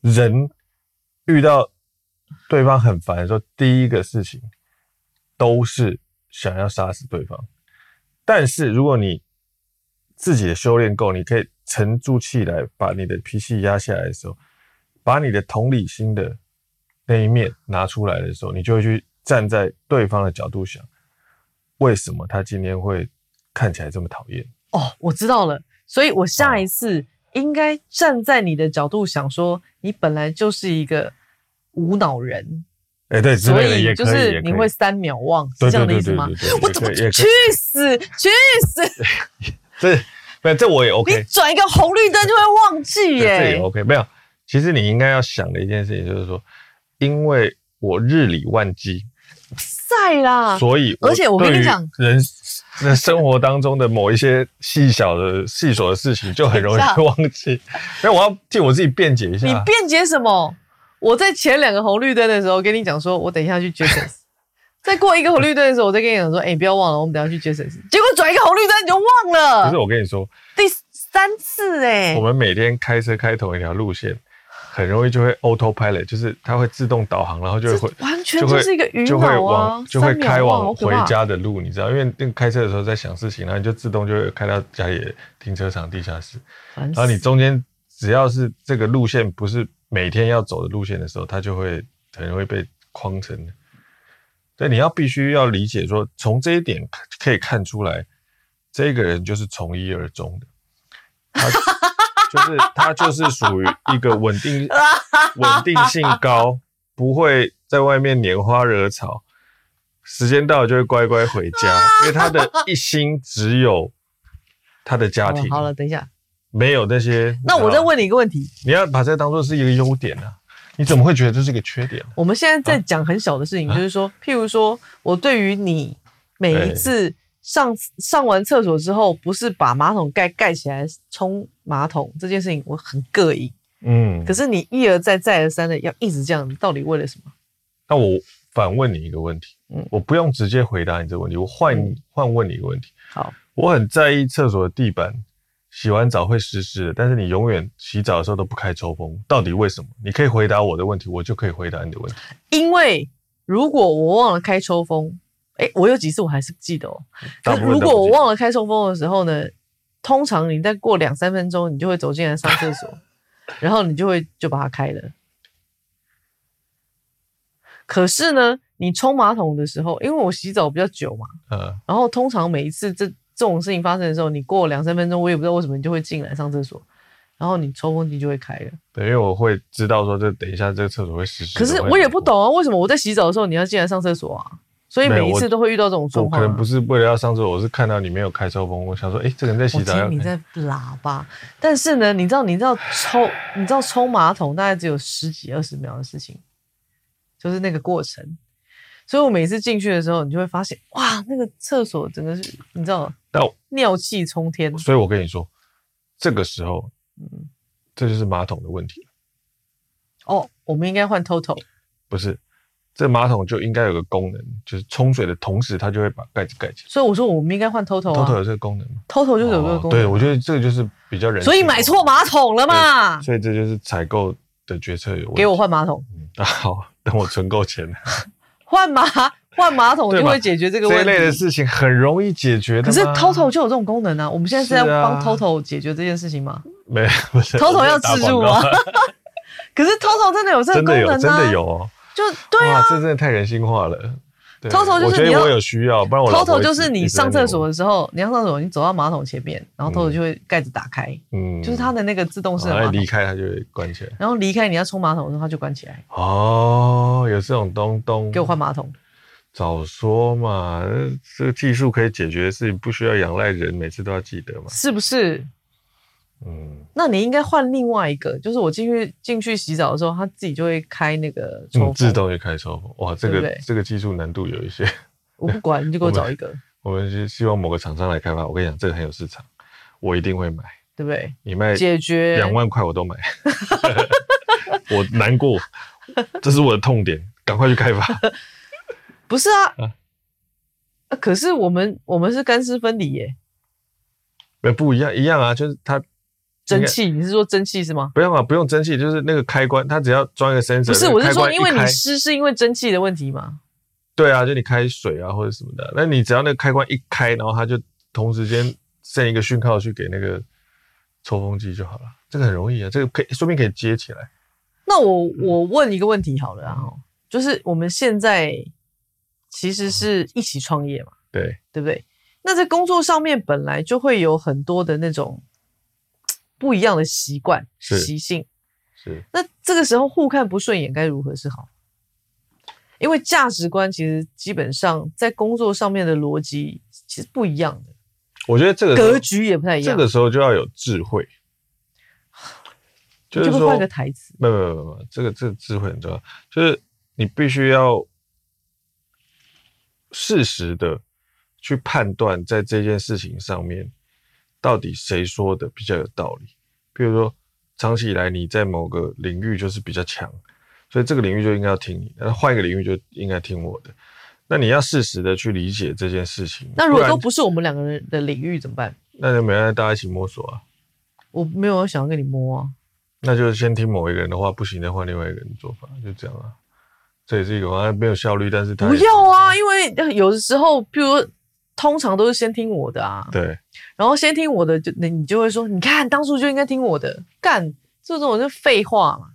人遇到對方很煩的時候，第一個事情都是想要殺死對方。但是如果你自己的修煉夠，你可以沉住氣來把你的脾氣壓下來的時候，把你的同理心的那一面拿出來的時候，你就會去站在對方的角度想，為什麼他今天會看起來這麼討厭？哦，我知道了。所以，我下一次應該站在你的角度想說，你本來就是一個無腦人，哎、欸，對，所以就是你會三秒忘，欸、是，秒忘是這樣的意思嗎？對對對對對，我怎麼去死？去死！死，這沒有，這我也 OK。你轉一個紅綠燈就會忘記耶、欸，這也 OK。沒有，其實你應該要想的一件事情就是說，因為我日理萬機。在啦，所以而且我跟你講，人那生活當中的某一些細小的細瑣的事情，就很容易忘記。所以我要替我自己辯解一下。你辯解什麼？我在前兩個紅綠燈的時候跟你講說，我等一下去接誰。再過一個紅綠燈的時候，我再跟你講說，哎，不要忘了，我們等一下去接誰。結果轉一個紅綠燈你就忘了。不是我跟你說，第三次哎、欸，我們每天開車開同一條路線。很容易就會 autopilot，就是它會自動導航，然後就會完全就是一個魚會往就會開往回家的路，你知道，因為開車的時候在想事情，然後你就自動就會開到家裡停車場地下室。然後你中間只要是這個路線不是每天要走的路線的時候，它就會很容易被框成。所以你要必須要理解說，從這一點可以看出來，這個人就是從一而終的。 就是他就是屬於一個穩定穩定性高，不會在外面拈花惹草，時間到了就會乖乖回家，因為他的一心只有他的家庭、哦。好了，等一下，沒有那些。那我再問你一個問題，你要把這當做是一個優點呢、啊？你怎麼會覺得這是一個缺點、啊？我們現在在講很小的事情、啊，就是說，譬如說我對於你每一次上、欸、上完廁所之後，不是把馬桶蓋蓋起來沖。馬桶這件事情我很膈應，嗯，可是你一而再再而三的要一直這樣，你到底為了什麼？那我反問你一個問題，嗯，我不用直接回答你這個問題，我換你、嗯、換問你一個問題。好，我很在意廁所的地板，洗完澡會濕濕的，但是你永遠洗澡的時候都不開抽風，到底為什麼？你可以回答我的問題，我就可以回答你的問題。因為如果我忘了開抽風，哎、欸，我有幾次我還是不記得哦、喔。多分多分多分如果我忘了開抽風的時候呢？通常你再過兩三分鐘，你就會走進來上廁所，然後你就會就把它開了。可是呢，你沖馬桶的時候，因為我洗澡比較久嘛，嗯，然後通常每一次這這種事情發生的時候，你過兩三分鐘，我也不知道為什麼你就會進來上廁所，然後你抽風機就會開了。等於我會知道說這等一下這個廁所會濕，可是我也不懂啊，為什麼我在洗澡的時候你要進來上廁所啊？所以每一次都會遇到這種狀況、啊。我可能不是為了要上廁所，我是看到你沒有開抽風，我想說，哎、欸，這個人在洗澡。你在喇叭。 但是呢，你知道，你知道抽，你知道沖馬桶大概只有十幾二十秒的事情，就是那個過程。所以我每次進去的時候，你就會發現，哇，那個廁所真的是，你知道，那尿氣沖天。所以我跟你說，這個時候，嗯，這就是馬桶的問題。哦，我們應該換 TOTO。不是。這馬桶就應該有個功能，就是沖水的同時，它就會把蓋子蓋起來。所以我說，我們應該換 TOTO、啊。TOTO 有這個功能嗎？TOTO 就有這個功能、哦。對，我覺得這個就是比較人性。所以買錯馬桶了嘛？所以這就是採購的決策有問題。給我換馬桶。那、嗯啊、好，等我存夠錢。 換馬換馬桶就會解決這個問題。這類的事情很容易解決的。可是 TOTO 就有這種功能啊！我們現在是在幫 TOTO 解決這件事情嗎？啊、沒不是 TOTO 要資助我。 可是 TOTO 真的有這個功能嗎、啊？真的有，真的有哦就對啊哇，這真的太人性化了。TOTO 就是有需你需要，不然 TOTO 就是你上廁所的時候，你要上廁所，你走到馬桶前面，然後 TOTO 就會蓋子打開，嗯，就是它的那個自動式、啊。然後離開它就會關起來。然後離開你要沖馬桶的時候，它就關起來。哦，有這種東東，給我換馬桶。早說嘛，這個技術可以解決的事情，不需要仰賴人，每次都要記得嘛，是不是？嗯，那你應該換另外一個，就是我進去進去洗澡的時候，它自己就會開那個、嗯，自動就開抽風，哇，這個對對，這個技術難度有一些，我不管，你就給我找一個，我們是希望某個廠商來開發。我跟你講，這個很有市場，我一定會買，對不對？你賣解決兩萬塊我都買， 我難過，這是我的痛點，趕 快去開發。不是啊，啊可是我們我們是乾濕分離耶，不一樣，一樣啊，就是它。蒸汽你？你是說蒸汽是嗎？不用啊，不用蒸汽，就是那個開關，它只要裝一個 sensor。不是，我是說，因為你濕是因為蒸汽的問題嗎？對啊，就你開水啊或者什麼的，那你只要那個開關一開，然後它就同時間送一個訊號去給那個抽風機就好了，這個很容易啊，這個可以說不定可以接起來。那我我問一個問題好了啊、嗯，就是我們現在其實是一起創業嘛、嗯？對，對不對？那在工作上面本來就會有很多的那種。不一樣的習慣、習性，是，是，那這個時候互看不順眼該如何是好？因為價值觀其實基本上在工作上面的邏輯其實不一樣的。我覺得這個格局也不太一樣。這個時候就要有智慧，就是換個台詞。沒有沒有沒有，這個這個智慧很重要，就是你必須要適時的去判斷在這件事情上面。到底誰說的比較有道理？譬如說，長期以來你在某個領域就是比較強，所以這個領域就應該要聽你；那換一個領域就應該聽我的。那你要適時的去理解這件事情。那如果不都不是我們兩個人的領域怎麼辦？那就沒辦法，大家一起摸索啊。我沒有想要跟你摸啊。那就是先聽某一個人的話，不行的換另外一個人做法，就這樣啊。所以這也是一個啊，沒有效率，但是，他是不要啊，因為有的時候，譬如。通常都是先聽我的啊，對，然後先聽我的就，就你你就會說，你看當初就應該聽我的，幹這種就廢話嘛。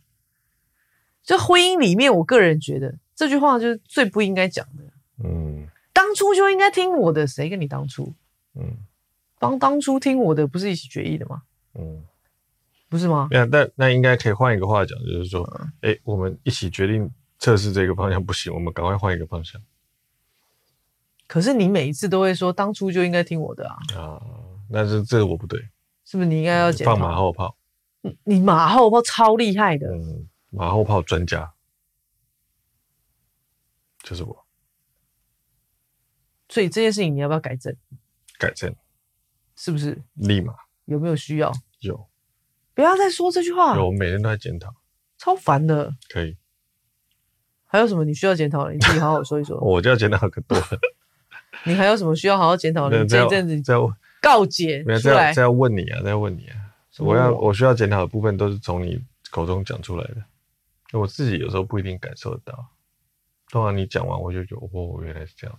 就婚姻裡面，我個人覺得這句話就是最不應該講的。嗯，當初就應該聽我的，誰跟你當初？嗯，當當初聽我的不是一起決議的嗎？嗯，不是嗎？那那那應該可以換一個話講，就是說，哎、嗯，我們一起決定測試這個方向，不行，我們趕快換一個方向。可是你每一次都會說，當初就應該聽我的啊！啊、呃，那是這我不對，是不是？你應該要檢討。嗯、放馬後炮、嗯，你馬後炮超厲害的，嗯，馬後炮專家就是我。所以這件事情你要不要改正？改正，是不是？立馬有沒有需要？有，不要再說這句話。有，我每天都在檢討，超煩的。可以，還有什麼你需要檢討的？你自己好好說一說。 我就要檢討很多。 你還有什麼需要好好檢討的？這一陣子在告解，沒有在問你啊，在問你啊！我要我需要檢討的部分都是從你口中講出來的，就我自己有時候不一定感受得到。通常你講完我就覺得，哦，我原來是這樣。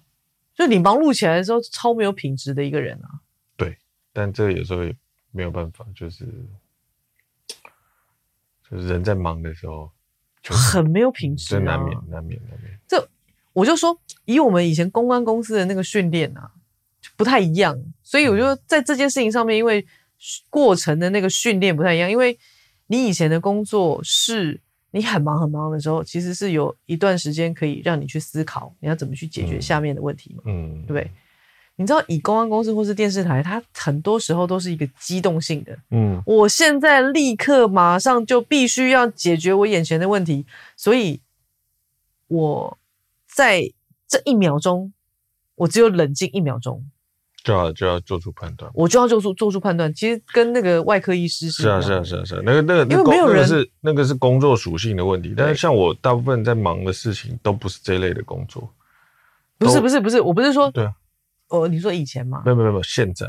就你忙碌起來的時候，超沒有品質的一個人啊。對，但這有時候也沒有辦法，就是就是人在忙的時候，就是，很沒有品質，啊就是難，難免難免難免。這。我就說，以我們以前公關公司的那個訓練啊，不太一樣，所以我就在這件事情上面，因為過程的那個訓練不太一樣，因為你以前的工作是你很忙很忙的時候，其實是有一段時間可以讓你去思考你要怎麼去解決下面的問題嘛，嗯，嗯，對不對？你知道，以公關公司或是電視台，它很多時候都是一個機動性的，嗯，我現在立刻馬上就必須要解決我眼前的問題，所以我。在這一秒鐘，我只有冷靜一秒鐘，就要就要做出判斷，我就要做出做出判斷。其實跟那個外科醫師是啊是啊是啊是啊是啊那個那個那個沒有人是那個是工作屬性的問題。但是像我大部分在忙的事情都不是這一類的工作，不是不是不是，我不是說對啊，哦，你說以前嗎？沒有沒有沒有，現在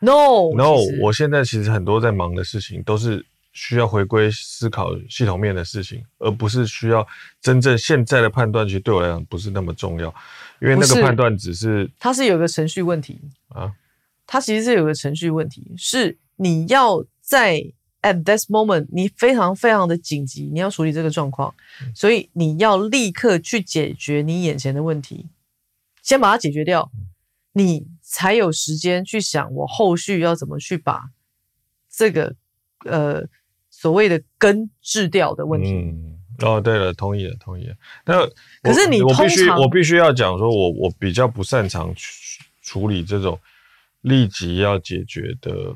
no no，我現在其實很多在忙的事情都是。需要回歸思考系統面的事情，而不是需要真正現在的判斷。其實對我來講不是那麼重要，因為那個判斷只是，不是，它是有個程序問題啊。它其實是有個程序問題，是你要在 at this moment 你非常非常的緊急，你要處理這個狀況，嗯，所以你要立刻去解決你眼前的問題，先把它解決掉，嗯，你才有時間去想我後續要怎麼去把這個，呃。所謂的根治掉的問題，嗯，哦，對了，同意了，同意了。那可是你通常，我必須，我必須要講，說我我比較不擅長處理這種立即要解決的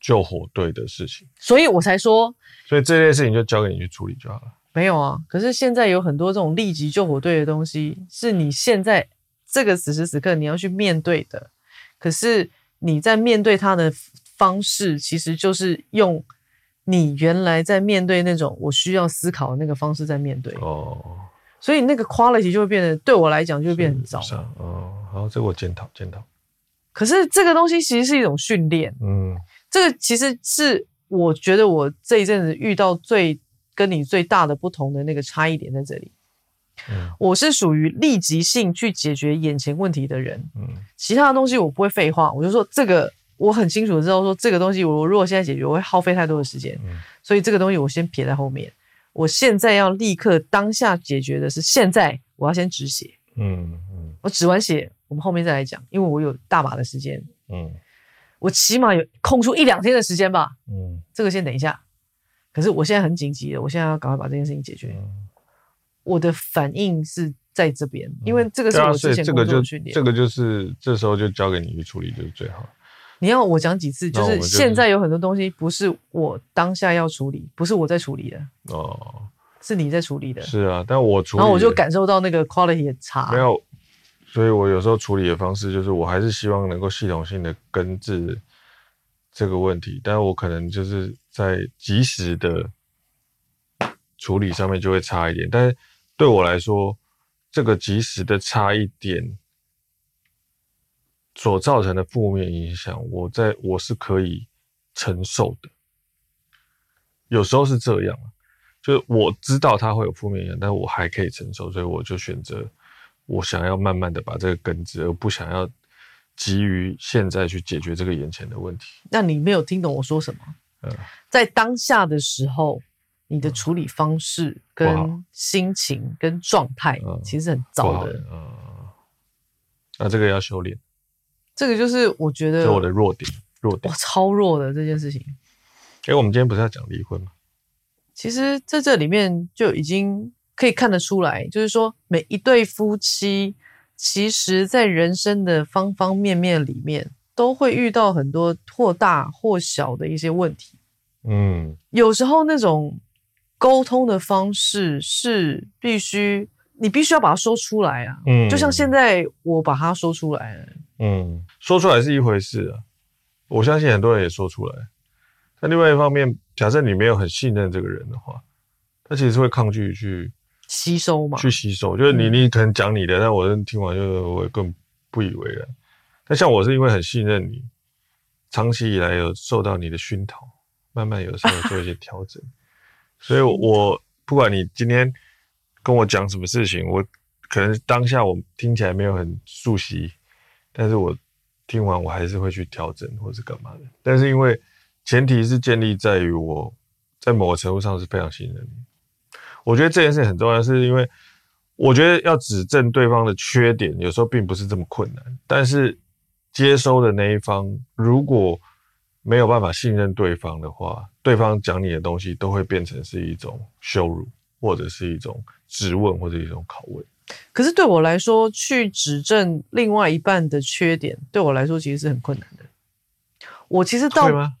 救火隊的事情，所以我才說，所以這件事情就交給你去處理就好了。嗯，沒有啊，可是現在有很多這種立即救火隊的東西，是你現在這個此時此刻你要去面對的，可是你在面對它的方式，其實就是用。你原來在面對那種我需要思考的那個方式在面對哦，所以那個 quality 就會變得對我來講就會變得很糟哦。好，這我檢討檢討。可是這個東西其實是一種訓練，嗯，這個其實是我覺得我這一陣子遇到最跟你最大的不同的那個差異點在這裡。我是屬於立即性去解決眼前問題的人，嗯，其他的東西我不會廢話，我就說這個。我很清楚知道說這個東西，我如果現在解決，我會耗費太多的時間。嗯，所以這個東西我先撇在後面。我現在要立刻當下解決的是，現在我要先止血。嗯嗯，我止完血，我們後面再來講，因為我有大把的時間。嗯，我起碼有空出一兩天的時間吧。嗯，這個先等一下。可是我現在很緊急的，我現在要趕快把這件事情解決。嗯、我的反應是在這邊，因為這個是我之前工作的訓練。這個就是這時候就交給你去處理，就是最好。你要我講幾次，那我們就是，就是現在有很多東西不是我當下要處理，不是我在處理的哦，是你在處理的。是啊，但我處理的，然後我就感受到那個 quality 很差。沒有，所以我有時候處理的方式就是，我還是希望能夠系統性的根治這個問題，但是我可能就是在及時的處理上面就會差一點。但是對我來說，這個及時的差一點，所造成的負面影響，我在我是可以承受的。有時候是這樣，就是我知道它會有負面影響，但我還可以承受，所以我就選擇我想要慢慢的把這個根治，而不想要急於現在去解決這個眼前的問題。那你沒有聽懂我說什麼？嗯，在當下的時候，你的處理方式、跟心情、跟狀態其實很糟的嗯。嗯，那這個要修煉。這個就是我覺得我的弱點，弱點，超弱的這件事情。哎，我們今天不是要講離婚嗎？其實在這裡面就已經可以看得出來，就是說每一對夫妻，其實在人生的方方面面裡面，都會遇到很多或大或小的一些問題。嗯，有時候那種溝通的方式是必須。你必須要把它說出來啊！嗯，就像現在我把它說出來，嗯，說出來是一回事，啊。我相信很多人也說出來。但另外一方面，假設你沒有很信任這個人的話，他其實是會抗拒去吸收嘛，去吸收。就是你，你可能講你的，嗯，但我聽完就我更不以為然。但像我是因為很信任你，長期以來有受到你的熏陶，慢慢有時候有做一些調整。 所以我，我不管你今天。跟我講什麼事情，我可能當下我聽起來沒有很熟悉，但是我聽完我還是會去調整或是幹嘛的。但是因為前提是建立在於我在某個程度上是非常信任你，我覺得這件事很重要，是因為我覺得要指正對方的缺點，有時候並不是這麼困難。但是接收的那一方如果沒有辦法信任對方的話，對方講你的東西都會變成是一種羞辱。或者是一種質問，或者是一種拷問。可是對我來說，去指正另外一半的缺點，對我來說其實是很困難的。我其實到嗎？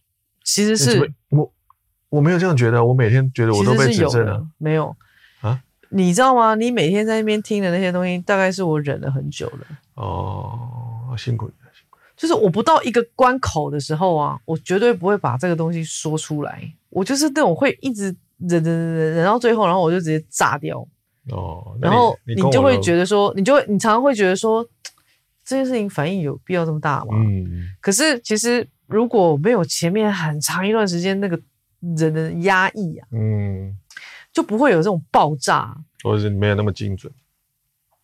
其實是我我沒有這樣覺得，我每天覺得我都被指正、啊、有了，沒有啊？你知道嗎？你每天在那邊聽的那些東西，大概是我忍了很久了。哦，辛苦，辛苦你了。就是我不到一個關口的時候啊，我絕對不會把這個東西說出來。我就是那種會一直。忍忍忍忍忍到最後，然後我就直接炸掉。哦，然後你就會覺得說，你就會你常常會覺得說，這件事情反應有必要這麼大嗎？嗯，可是其實如果沒有前面很長一段時間那個人的壓抑啊，嗯，就不會有這種爆炸、啊，或者是你沒有那麼精準。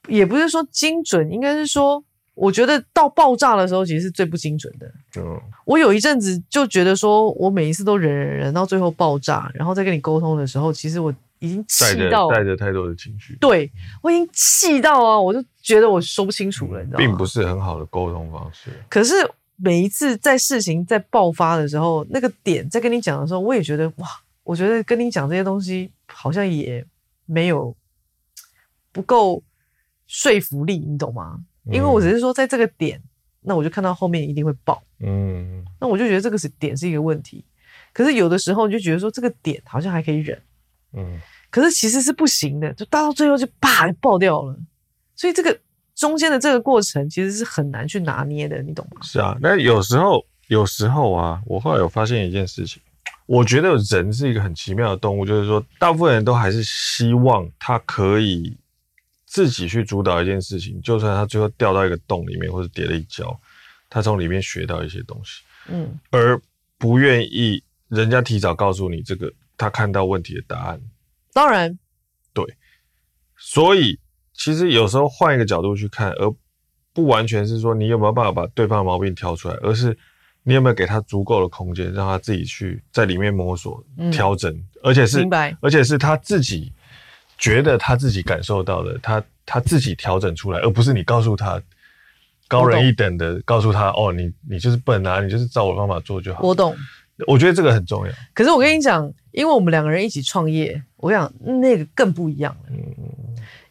也不是說精準，應該是說。我覺得到爆炸的時候，其實是最不精準的。嗯，我有一陣子就覺得，說我每一次都忍忍忍，忍到最後爆炸，然後再跟你溝通的時候，其實我已經氣到帶着太多的情緒。對，我已經氣到啊，我就覺得我說不清楚了，嗯，你知道嗎？並不是很好的溝通方式。可是每一次在事情在爆發的時候，那個點在跟你講的時候，我也覺得哇，我覺得跟你講這些東西好像也沒有不夠說服力，你懂嗎？因為我只是說在這個點、嗯，那我就看到後面一定會爆，嗯，那我就覺得這個是點是一個問題，可是有的時候你就覺得說這個點好像還可以忍，嗯，可是其實是不行的，就到到最後就啪就爆掉了，所以這個中間的這個過程其實是很難去拿捏的，你懂嗎？是啊，那有時候有時候啊，我後來有發現一件事情，我覺得人是一個很奇妙的動物，就是說大部分人都還是希望它可以。自己去主導一件事情，就算他最後掉到一個洞裡面，或者跌了一跤，他從裡面學到一些東西，嗯，而不願意人家提早告訴你這個，他看到問題的答案，當然，對，所以其實有時候換一個角度去看，而不完全是說你有沒有辦法把對方的毛病挑出來，而是你有沒有給他足夠的空間，讓他自己去在裡面摸索、調、嗯、整，而且是明白，而且是他自己。覺得他自己感受到的，他他自己調整出來，而不是你告訴他，高人一等的告訴他哦，你你就是笨啊，你就是照我的方法做就好。波動，我覺得這個很重要。可是我跟你講，因為我們兩個人一起創業，我想那個更不一樣了。嗯，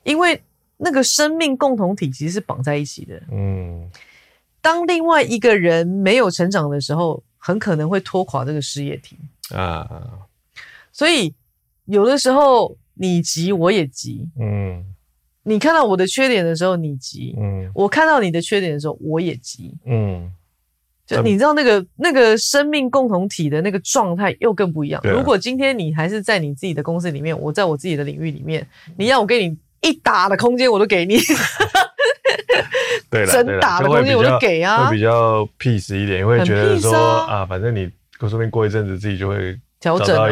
因為那個生命共同體其實是綁在一起的。嗯，當另外一個人沒有成長的時候，很可能會拖垮這個事業體啊。所以有的時候。你急，我也急。嗯，你看到我的缺點的時候，你急。嗯，我看到你的缺點的時候，我也急。嗯，就你知道那個、嗯、那個生命共同體的那個狀態又更不一樣，對啊。如果今天你還是在你自己的公司裡面，我在我自己的領域裡面，你讓我給你一打的空間，我都給你。 對了，整打的空間我都給啊。會比較 peace 一點，因為覺得說很 peace 啊，啊，反正你說不定過一陣子自己就會。調整了，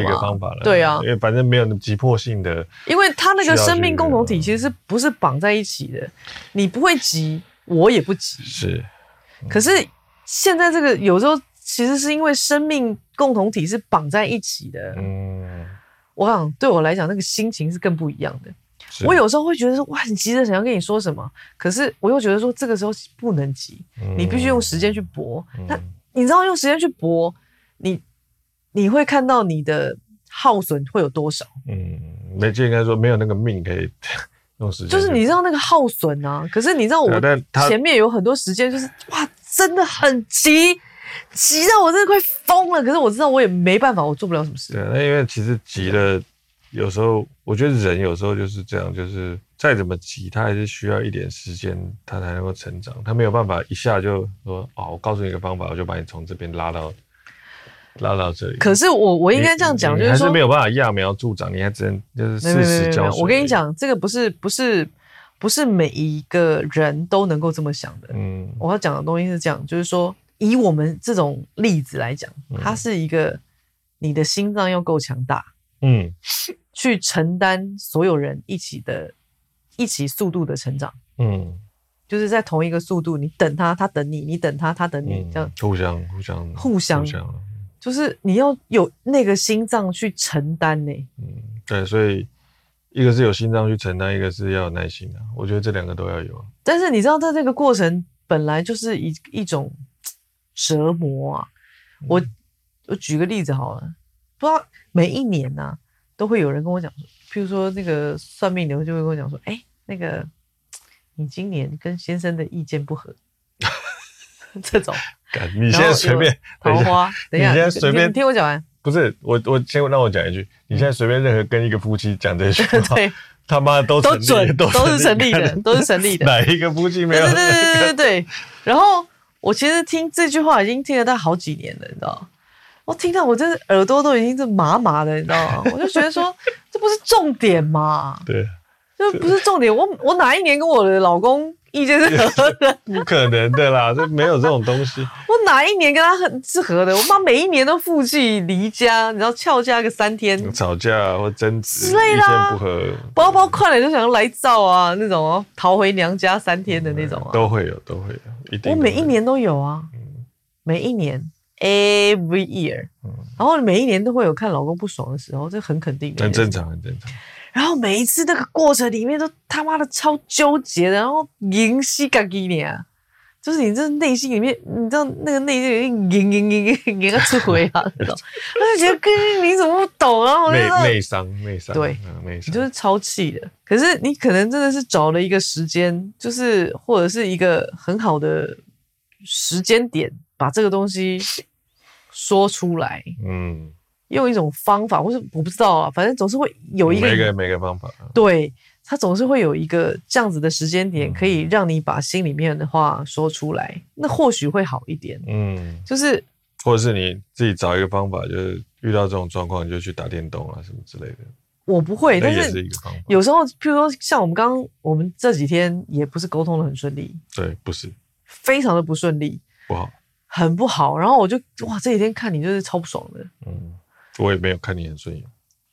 對啊，因為反正沒有那麼急迫性的。因為他那個生命共同體其實是不是綁在一起的，你不會急，我也不急。是，可是現在這個有時候其實是因為生命共同體是綁在一起的。嗯，我想對我來講那個心情是更不一樣的。我有時候會覺得說：哇，很急着想要跟你說什麼，可是我又覺得說這個時候不能急，你必須用時間去搏。那你知道用時間去搏，你。你會看到你的耗損會有多少？嗯，沒見，應該說沒有那個命可以 用時間。就是你知道那個耗損啊，可是你知道我前面有很多時間，就是哇，真的很急， 急到我真的快瘋了。可是我知道我也沒辦法，我做不了什麼事。對，那因為其實急了，有時候我覺得人有時候就是這樣，就是再怎麼急，他還是需要一點時間，他才能夠成長。他沒有辦法一下就說哦、啊，我告訴你一個方法，我就把你從這邊拉到。拉到這裡，可是我我應該這樣講，就是說沒有辦法揠苗助長，你還真，就是事實教學。我跟你講，這個不是不是不是每一個人都能夠這麼想的。嗯，我要講的東西是這樣，就是說以我們這種例子來講、嗯，它是一個你的心臟要夠強大，嗯，去承擔所有人一起的、一起速度的成長，嗯，就是在同一個速度，你等他，他等你，你等他，他等你，嗯、這樣互相互相互相互相。互相互相就是你要有那個心臟去承擔呢、欸。嗯，對，所以一個是有心臟去承擔，一個是要有耐心啊。我覺得這兩個都要有。但是你知道，在這個過程本來就是一一種折磨啊。嗯、我我舉個例子好了，不知道每一年呢、啊，都會有人跟我講說，譬如說那個算命的就會跟我講說，哎、欸，那個你今年跟先生的意見不合， 這種。你現在隨便等一下，你先隨便聽我講完。不是，我我先讓我講一句。你現在隨便任何跟一個夫妻講這句話，他媽的都都準，都是成立的，都是成立的。哪一個夫妻沒有？對對對對對，然後我其實聽這句話已經聽了好幾年了，你知道我這聽到我真的耳朵都已經是麻麻的，你知道嗎？我就覺得說這不是重點嘛。對。這不是重點，我我哪一年跟我的老公？意見是合的 不可能的啦， 就沒有這種東西。我哪一年跟他很是合的？我媽每一年都負氣離家，你知道，翹家個三天，吵架或爭執意見不合，包包快了就想要來照啊，那種、啊、逃回娘家三天的那種、啊嗯，都會有，都會有，一定都會有。我每一年都有啊，嗯、每一年，every year，、嗯、然後每一年都會有看老公不爽的時候，這很肯定，很正常，很正常。然後每一次那個過程裡面都他媽的超糾結的，然後連心感給你啊，就是你這內心裡面，你知道那個內心裡面，隱隱隱隱給他吃回寒了，我就覺得，哥你怎麼不懂啊？內內傷，內 傷，對、啊，內傷，你就是超氣的。可是你可能真的是找了一個時間，就是或者是一個很好的時間點，把這個東西說出來。嗯。用一種方法，或是我不知道啊，反正總是會有一個每一個每個方法，對他總是會有一個這樣子的時間點，可以讓你把心裡面的話說出來，嗯、那或許會好一點。嗯，就是或者是你自己找一個方法，就是遇到這種狀況你就去打電動啊什麼之類的。我不會，是但是有時候譬如說像我們剛剛我們這幾天也不是溝通得很順利，對，不是非常的不順利，不好，很不好。然後我就哇，這幾天看你就是超不爽的，嗯。我也沒有看你很順眼，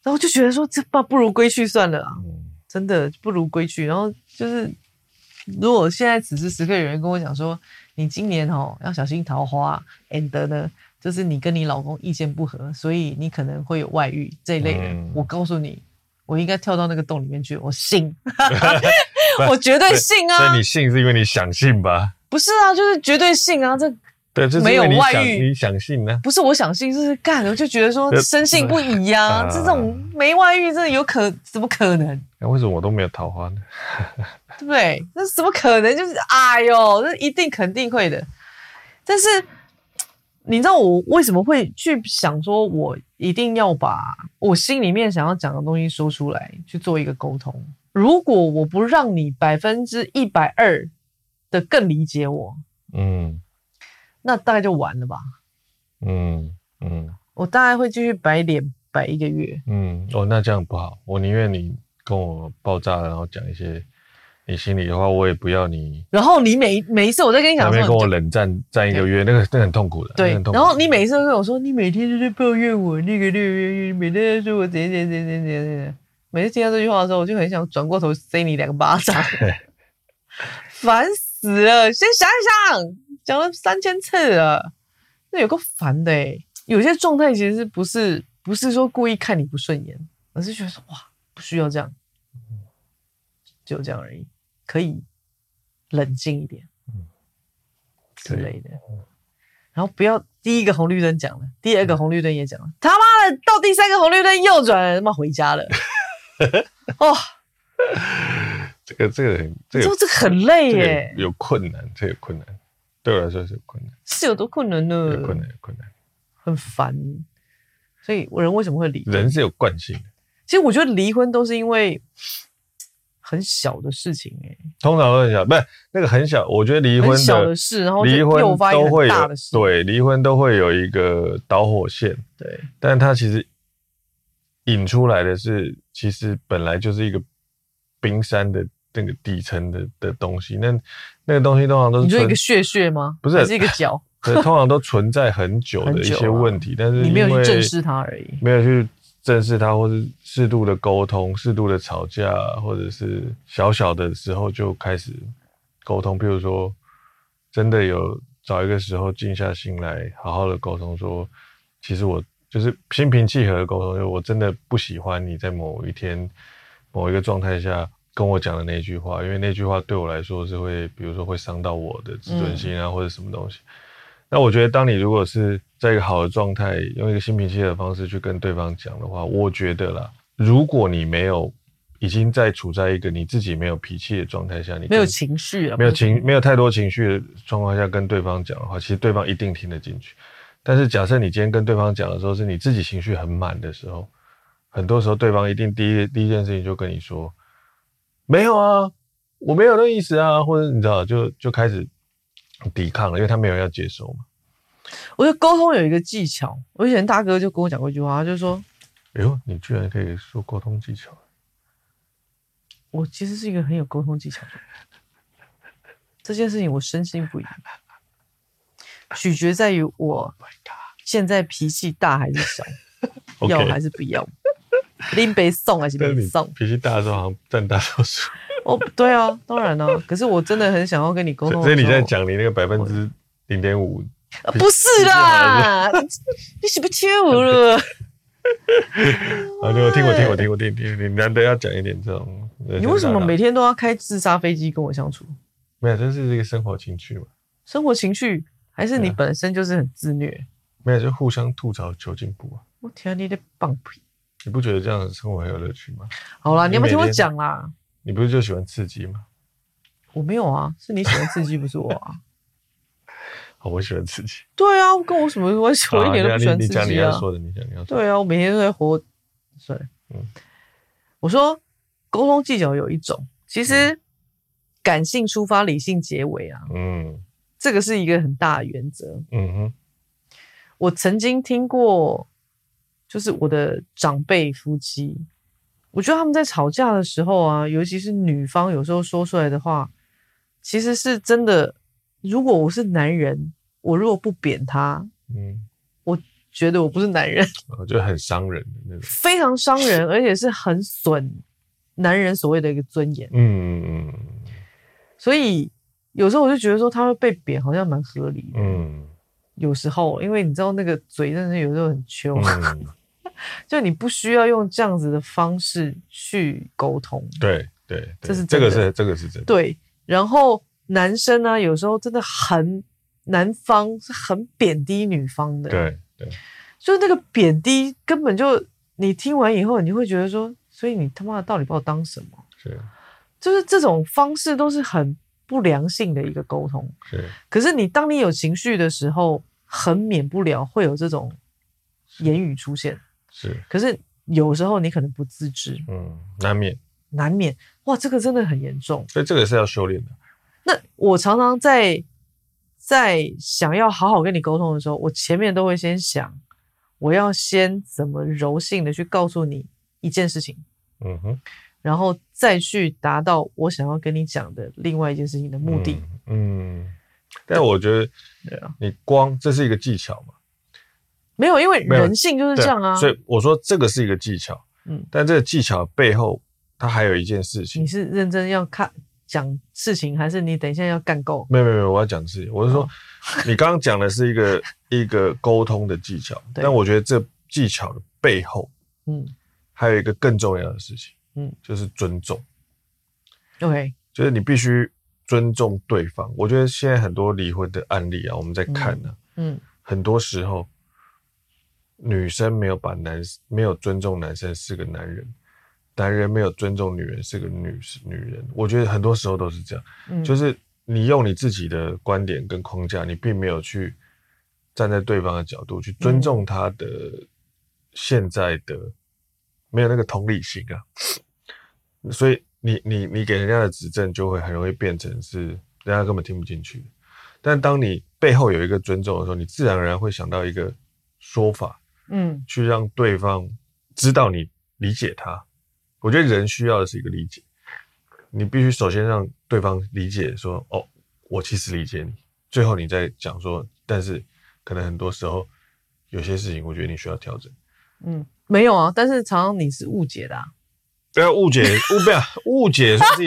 然後就覺得說這吧不如歸去算了啊，嗯、真的不如歸去。然後就是，如果現在此時此刻有人跟我講說，你今年哦要小心桃花，and 呢，就是你跟你老公意見不合，所以你可能會有外遇、嗯、這一類的，我告訴你，我應該跳到那個洞裡面去，我信 我絕對信啊。所以你信是因為你想信吧？不是啊，就是絕對信啊這。對，沒有外遇，你想信呢、啊？不是我想信，就是幹，我就覺得說深信不疑呀。 這種沒外遇，這有可怎麼可能？為什麼我都沒有桃花呢？對 對？那怎麼可能？就是哎呦，那一定肯定會的。但是你知道我為什麼會去想說，我一定要把我心裡面想要講的東西說出來，去做一個溝通。如果我不讓你百分之一百二的更理解我，嗯。那大概就完了吧。嗯嗯，我大概會繼續擺臉擺一個月。嗯，哦，那這樣不好。我寧願你跟我爆炸，然後講一些你心裡的話，我也不要你。然後你每每一次我在跟你講，準備跟我冷戰站一個月，欸、那個那很痛苦的。對。然後你每一次都跟我說， 你每天就是抱怨我，那個那個那個，每天在說我點點點點點點。每次聽到這句話的時候，我就很想轉過頭塞你兩個巴掌。煩 死了！先想想。講了三千次了，那有夠煩的哎、欸，有些狀態其實不是，不是說故意看你不順眼，而是覺得說哇，不需要這樣，就這樣而已，可以冷靜一點，嗯之類的，然後不要第一個紅綠燈講了，第二個紅綠燈也講了，嗯、他媽的到第三個紅綠燈右轉了，他媽回家了， 哦，這個這個這個、這個、很累哎、欸，這個、有困難，這個、有困難。對我來說是有困難，是有多困難呢？有困難，有困難，很煩。所以，我人為什麼會離婚？人是有慣性的。其實，我覺得離婚都是因為很小的事情、欸。通常都很小，不是那個很小。我覺得離婚小的事，然後離婚都會大的事。對，離婚都會有一個導火線。對，但它其實引出來的是，其實本來就是一個冰山的。那個底層的的東西，那那個東西通常都是你說一個穴穴嗎？不是，是一個腳， 可是通常都存在很久的一些問題，啊、但是你沒有去正視它而已，沒有去正視它，或是適度的溝通，適度的吵架，或者是小小的時候就開始溝通，比如說真的有找一個時候靜下心來，好好的溝通說，說其實我就是心平氣和的溝通，因、就、為、是、我真的不喜歡你在某一天某一個狀態下。跟我講的那句話，因為那句話對我來說是會，比如說會傷到我的自尊心啊、嗯，或者什麼東西。那我覺得，當你如果是在一個好的狀態，用一個心平氣的方式去跟對方講的話，我覺得啦，如果你沒有已經在處在一個你自己沒有脾氣的狀態下，你沒有情緒，沒有情，沒有太多情緒的狀況下跟對方講的話，其實對方一定聽得進去。但是假設你今天跟對方講的時候是你自己情緒很滿的時候，很多時候對方一定第一第一件事情就跟你說。沒有啊，我沒有那意思啊，或者你知道就，就就開始抵抗了，因為他沒有要接受嘛。我覺得溝通有一個技巧，我以前大哥就跟我講過一句話，他就說：“哎呦，你居然可以說溝通技巧。”我其實是一個很有溝通技巧的人，這件事情我深信不疑。取決在於我現在脾氣大還是小， okay. 要還是不要。拎杯送還是拎送？脾氣大的時候好像占大多數。哦，對啊，當然了、啊。可是我真的很想要跟你溝通。所以你在講你那個百分之零點五？不是啦， 你是不是七五了？啊， 我聽我聽我聽我聽你，你難得要講一點這種。你為什麼每天都要開自殺飛機跟我相處？沒有，這是一個生活情趣嘛。生活情趣還是你本身就是很自虐？啊、沒有，就互相吐槽求進步啊。我聽，你的棒皮！你不覺得這樣的生活很有樂趣嗎？好了，你有沒有聽我講啦你？你不是就喜歡刺激嗎？我沒有啊，是你喜歡刺激， 不是我啊。 好，我喜歡刺激。對啊，跟我什麼關係？我一點都不喜歡刺激啊。啊，你、你講你要說的，你講你要說的。對啊，我每天都在活，對，嗯。我說溝通技巧有一種，其實、嗯、感性出發，理性結尾啊。嗯，這個是一個很大的原則。嗯哼，我曾經聽過。就是我的長輩夫妻，我覺得他們在吵架的時候啊，尤其是女方有時候說出來的話，其實是真的。如果我是男人，我如果不扁他，嗯，我覺得我不是男人，我覺得很傷人的那種、個，非常傷人，而且是很損男人所謂的一個尊嚴。嗯，所以有時候我就覺得說，他會被扁，好像蠻合理的。嗯，有時候因為你知道，那個嘴真的有時候很 chill，嗯就你不需要用這樣子的方式去溝通，對對，對，這是這個是這個是對。然後男生呢、啊，有時候真的很男方是很貶低女方的，對對，就是那個貶低根本就你聽完以後，你就會覺得說，所以你他媽的到底把我當什麼？是，就是這種方式都是很不良性的一個溝通。是，可是你當你有情緒的時候，很免不了會有這種言語出現。是，可是有時候你可能不自知，嗯，難免，難免。哇，這個真的很嚴重，所以這個也是要修煉的。那我常常在在想要好好跟你溝通的時候，我前面都會先想，我要先怎麼柔性的去告訴你一件事情，嗯哼，然後再去達到我想要跟你講的另外一件事情的目的。嗯，嗯，但我覺得，你光這是一個技巧嘛。沒有，因為人性就是這樣啊。所以我說這個是一個技巧，嗯，但這個技巧背後，它還有一件事情。你是認真要看講事情，還是你等一下要幹夠？沒有沒有沒有，我要講事情。我是說，哦、你剛剛講的是一個 一個溝通的技巧，但我覺得這技巧的背後，嗯，還有一個更重要的事情，嗯，就是尊重。OK，就是你必須尊重對方。我覺得現在很多離婚的案例啊，我們在看呢、啊嗯，嗯，很多時候。女生沒有把男生沒有尊重男生是個男人，男人沒有尊重女人是個女是女人。我覺得很多時候都是這樣、嗯，就是你用你自己的觀點跟框架，你並沒有去站在對方的角度去尊重他的現在的、嗯、沒有那個同理心啊，所以你你你給人家的指正就會很容易變成是人家根本聽不進去。但當你背後有一個尊重的時候，你自然而然會想到一個說法。嗯，去讓對方知道你理解他，我覺得人需要的是一個理解。你必須首先讓對方理解說，說哦，我其實理解你。最後你再講說，但是可能很多時候有些事情，我覺得你需要調整。嗯，沒有啊，但是常常你是誤解的啊。不要誤解，誤不要誤解算是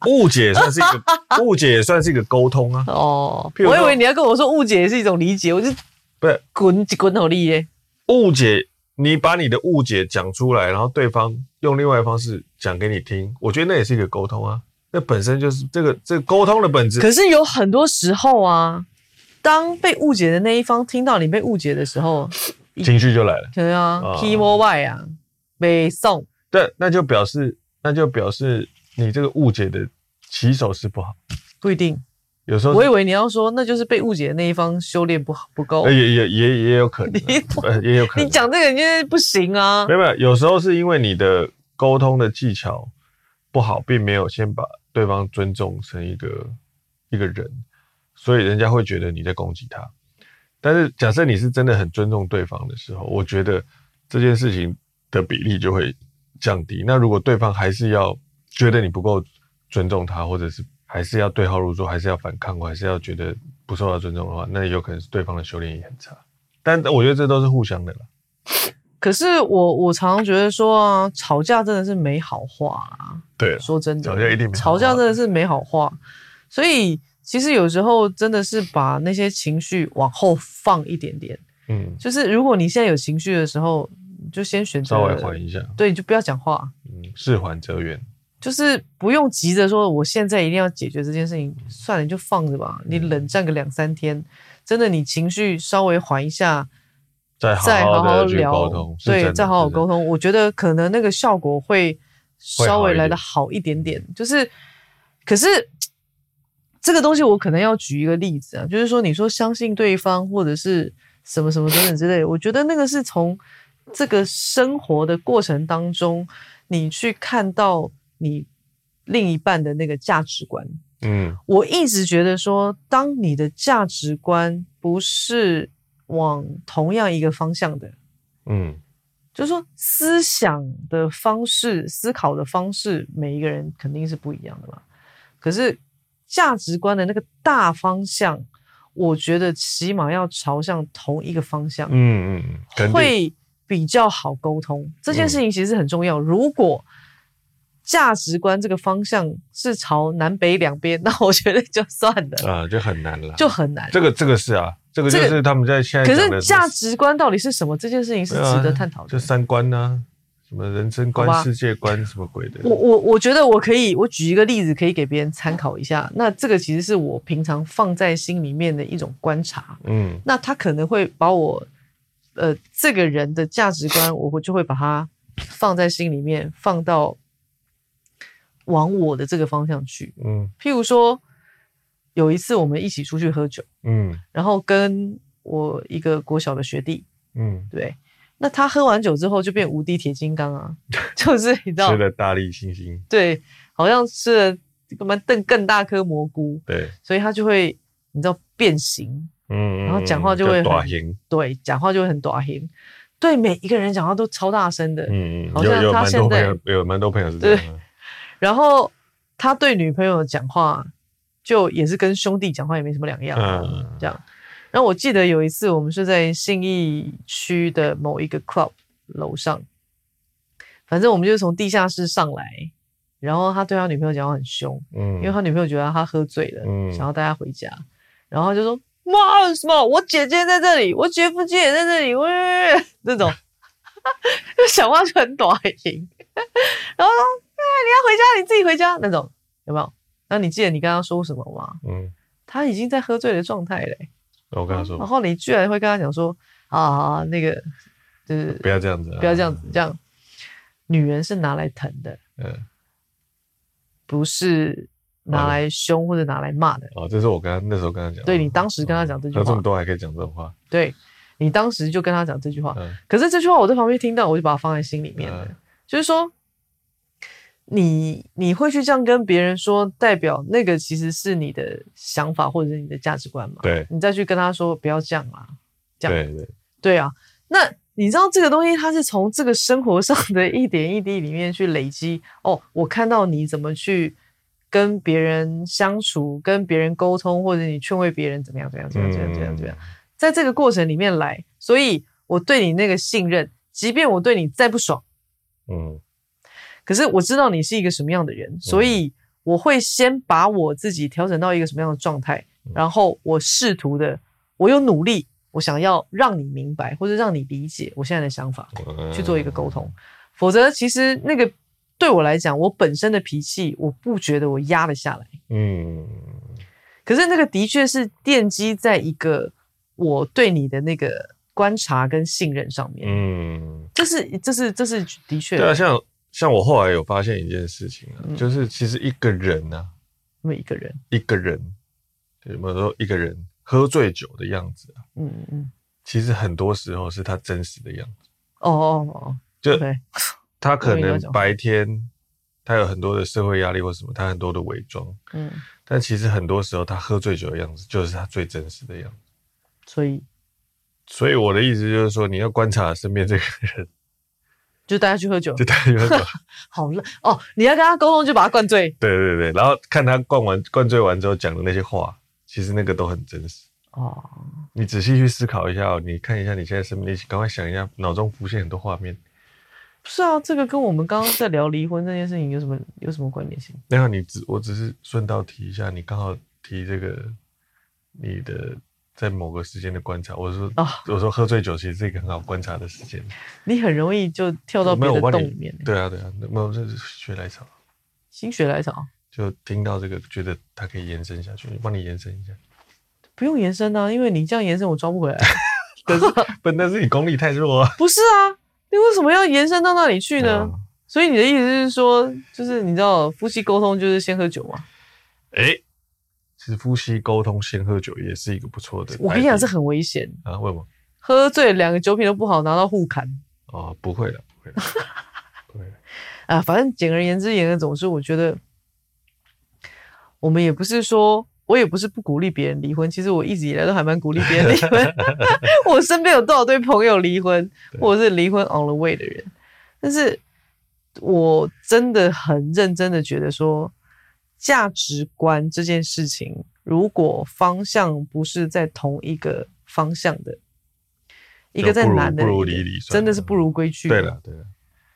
誤解算是一個誤 解也算是一個溝通啊。哦，譬如，我以為你要跟我說誤解也是一種理解，我就。不是滾就滾好利耶，誤解你把你的誤解講出來，然後對方用另外一方式講給你聽，我覺得那也是一個溝通啊，那本身就是這個這個溝通的本質。可是有很多時候啊，當被誤解的那一方聽到你被誤解的時候，情緒就來了，嗯、對啊，P 莫 Y 啊，被送、嗯。對，那就表示那就表示你這個誤解的起手是不好，不一定。有時候我以為你要說，那就是被誤解的那一方修煉不好不夠，欸，也也也也有可能，也有可能啊， 也有可能啊。你講這個人家不行啊，沒有，沒有，有時候是因為你的溝通的技巧不好，並沒有先把對方尊重成一個一個人，所以人家會覺得你在攻擊他。但是假設你是真的很尊重對方的時候，我覺得這件事情的比例就會降低。那如果對方還是要覺得你不夠尊重他，或者是。還是要對號入座，還是要反抗，我還是要覺得不受到尊重的話，那有可能是對方的修煉也很差。但我覺得這都是互相的了。可是我我常常覺得說啊，吵架真的是沒好話啊。對，說真的，吵架一定沒好話。吵架真的是沒好話，所以其實有時候真的是把那些情緒往後放一點點。嗯，就是如果你現在有情緒的時候，就先選擇稍微緩一下，對，你就不要講話。嗯，事緩則圓。就是不用急着說，我現在一定要解決這件事情。嗯、算了，你就放着吧、嗯。你冷戰個兩三天，真的，你情緒稍微緩一下，再好好，再好好聊，對，再好好溝通。我覺得可能那個效果會稍微來得好一點點。點就是，可是這個東西，我可能要舉一個例子啊，就是說，你說相信對方或者是什麼什麼等等之類， 我覺得那個是從這個生活的過程當中，你去看到。你另一半的那個價值觀，嗯，我一直覺得說，當你的價值觀不是往同樣一個方向的，嗯，就是說思想的方式、思考的方式，每一個人肯定是不一樣的嘛。可是價值觀的那個大方向，我覺得起碼要朝向同一個方向，嗯嗯嗯，會比較好溝通。這件事情其實很重要，嗯、如果。價值觀這個方向是朝南北兩邊，那我覺得就算了啊，就很難了，就很難了。這個這個是啊，這個就是他們在現在、這個。可是價值觀到底是什麼？這件事情是值得探討的、啊。就三觀呢、啊，什麼人生觀、世界觀，什麼鬼的。我我我覺得我可以，我舉一個例子，可以給別人參考一下。那這個其實是我平常放在心裡面的一種觀察。嗯，那他可能會把我，呃，這個人的價值觀，我我就會把它放在心裡面， 放到。往我的這個方向去，嗯，譬如說，有一次我們一起出去喝酒，嗯，然後跟我一個國小的學弟，嗯，對，那他喝完酒之後就變無敵鐵金剛啊、嗯，就是你知道吃了大力猩猩，對，好像是什麼瞪更大顆蘑菇，對，所以他就會你知道變形，嗯，然後講話就會短型，對，講話就會很短型，對，每一個人講話都超大聲的，嗯嗯，好像有有他現在多朋友有蠻多朋友是這樣、啊。然後他對女朋友講話，就也是跟兄弟講話也沒什麼兩樣、啊，嗯，這樣。然後我記得有一次我們是在信義區的某一個 club 樓上，反正我們就從地下室上來，然後他對他女朋友講話很凶，嗯，因為他女朋友覺得他喝醉了，嗯、想要帶他回家，然後就說哇什麼，嗯、small, 我姐姐在這裡，我姐夫姐也在這裡，喂，嗯、這種， 就講話就很短，然後。欸、你要回家，你自己回家那種，有沒有？那你記得你剛剛說什麼嗎？嗯，他已經在喝醉的狀態嘞。我跟他說、啊，然後你居然會跟他講說啊，那個就是、啊、不要這樣子，不要這樣子，啊、這樣、嗯、女人是拿來疼的，嗯，不是拿來凶或者拿來罵的。哦、啊，這是我剛剛那時候跟他講，對，你當時跟他講這句話，嗯嗯嗯、這麼多還可以講這種話，對，你當時就跟他講這句話、嗯。可是這句話我在旁邊聽到，我就把它放在心裡面了，嗯、就是說。你你會去這樣跟別人說，代表那個其實是你的想法或者是你的價值觀嗎？對。你再去跟他說不要這樣啊，這樣。對對。對啊，那你知道這個東西，它是從這個生活上的一點一滴裡面去累積。 哦，我看到你怎麼去跟別人相處，跟別人溝通，或者你勸慰別人怎麼樣，怎樣，怎樣，怎樣，怎樣，在這個過程裡面來。所以，我對你那個信任，即便我對你再不爽，嗯。可是我知道你是一個什麼樣的人，所以我會先把我自己調整到一個什麼樣的狀態，嗯，然後我試圖的，我有努力，我想要讓你明白或者讓你理解我現在的想法，嗯，去做一個溝通。否則，其實那個對我來講，我本身的脾氣，我不覺得我壓了下來。嗯，可是那個的確是奠基在一個我對你的那個觀察跟信任上面。嗯，這是這是這是的確的，對啊，像。像我後來有發現一件事情啊，嗯、就是其實一個人啊，每一個人，一個人，有沒有說一個人喝醉酒的樣子啊？嗯，其實很多時候是他真實的樣子。哦哦哦，就他可能白天他有很多的社會壓力或什麼，他很多的偽裝、嗯。但其實很多時候他喝醉酒的樣子就是他最真實的樣子。所以，所以我的意思就是說，你要觀察身邊這個人。就帶他去喝酒，就帶他去喝酒， 好了哦。你要跟他溝通，就把他灌醉。 對對對，然後看他灌完、灌醉完之後講的那些話，其實那個都很真實哦。你仔細去思考一下、哦，你看一下你現在身邊，趕快想一下，腦中浮現很多畫面。不是啊，這個跟我們剛剛在聊離婚這件事情有什麼 有什麼關聯性？那好，你只我只是順道提一下，你剛好提這個你的。在某個時間的觀察，我說、哦，我說喝醉酒其實是一個很好觀察的時間，你很容易就跳到別的洞裡面。對啊對啊，那是血來潮，心血來潮就聽到這個，覺得它可以延伸下去，幫你延伸一下，不用延伸啊，因為你這樣延伸我抓不回來，但 可是，但 是你功力太弱、啊， 不是啊，你為什麼要延伸到那裡去呢、嗯？所以你的意思是說，就是你知道夫妻溝通就是先喝酒嗎？誒、欸。是夫妻溝通先喝酒也是一個不錯的。我跟你講這很危險啊！為什麼？喝醉兩個酒品都不好，拿刀互砍。哦，不會的，不會的。 啊，反正簡而言之，言而總之，我覺得我們也不是說，我也不是不鼓勵別人離婚。其實我一直以來都還蠻鼓勵別人離婚。 我身邊有多少對朋友離婚，或者是離婚 on the way 的人？但是，我真的很認真的覺得說。價值觀這件事情，如果方向不是在同一個方向的，一個在男的不如不如理理，真的是不如歸去。嗯。對了，對了，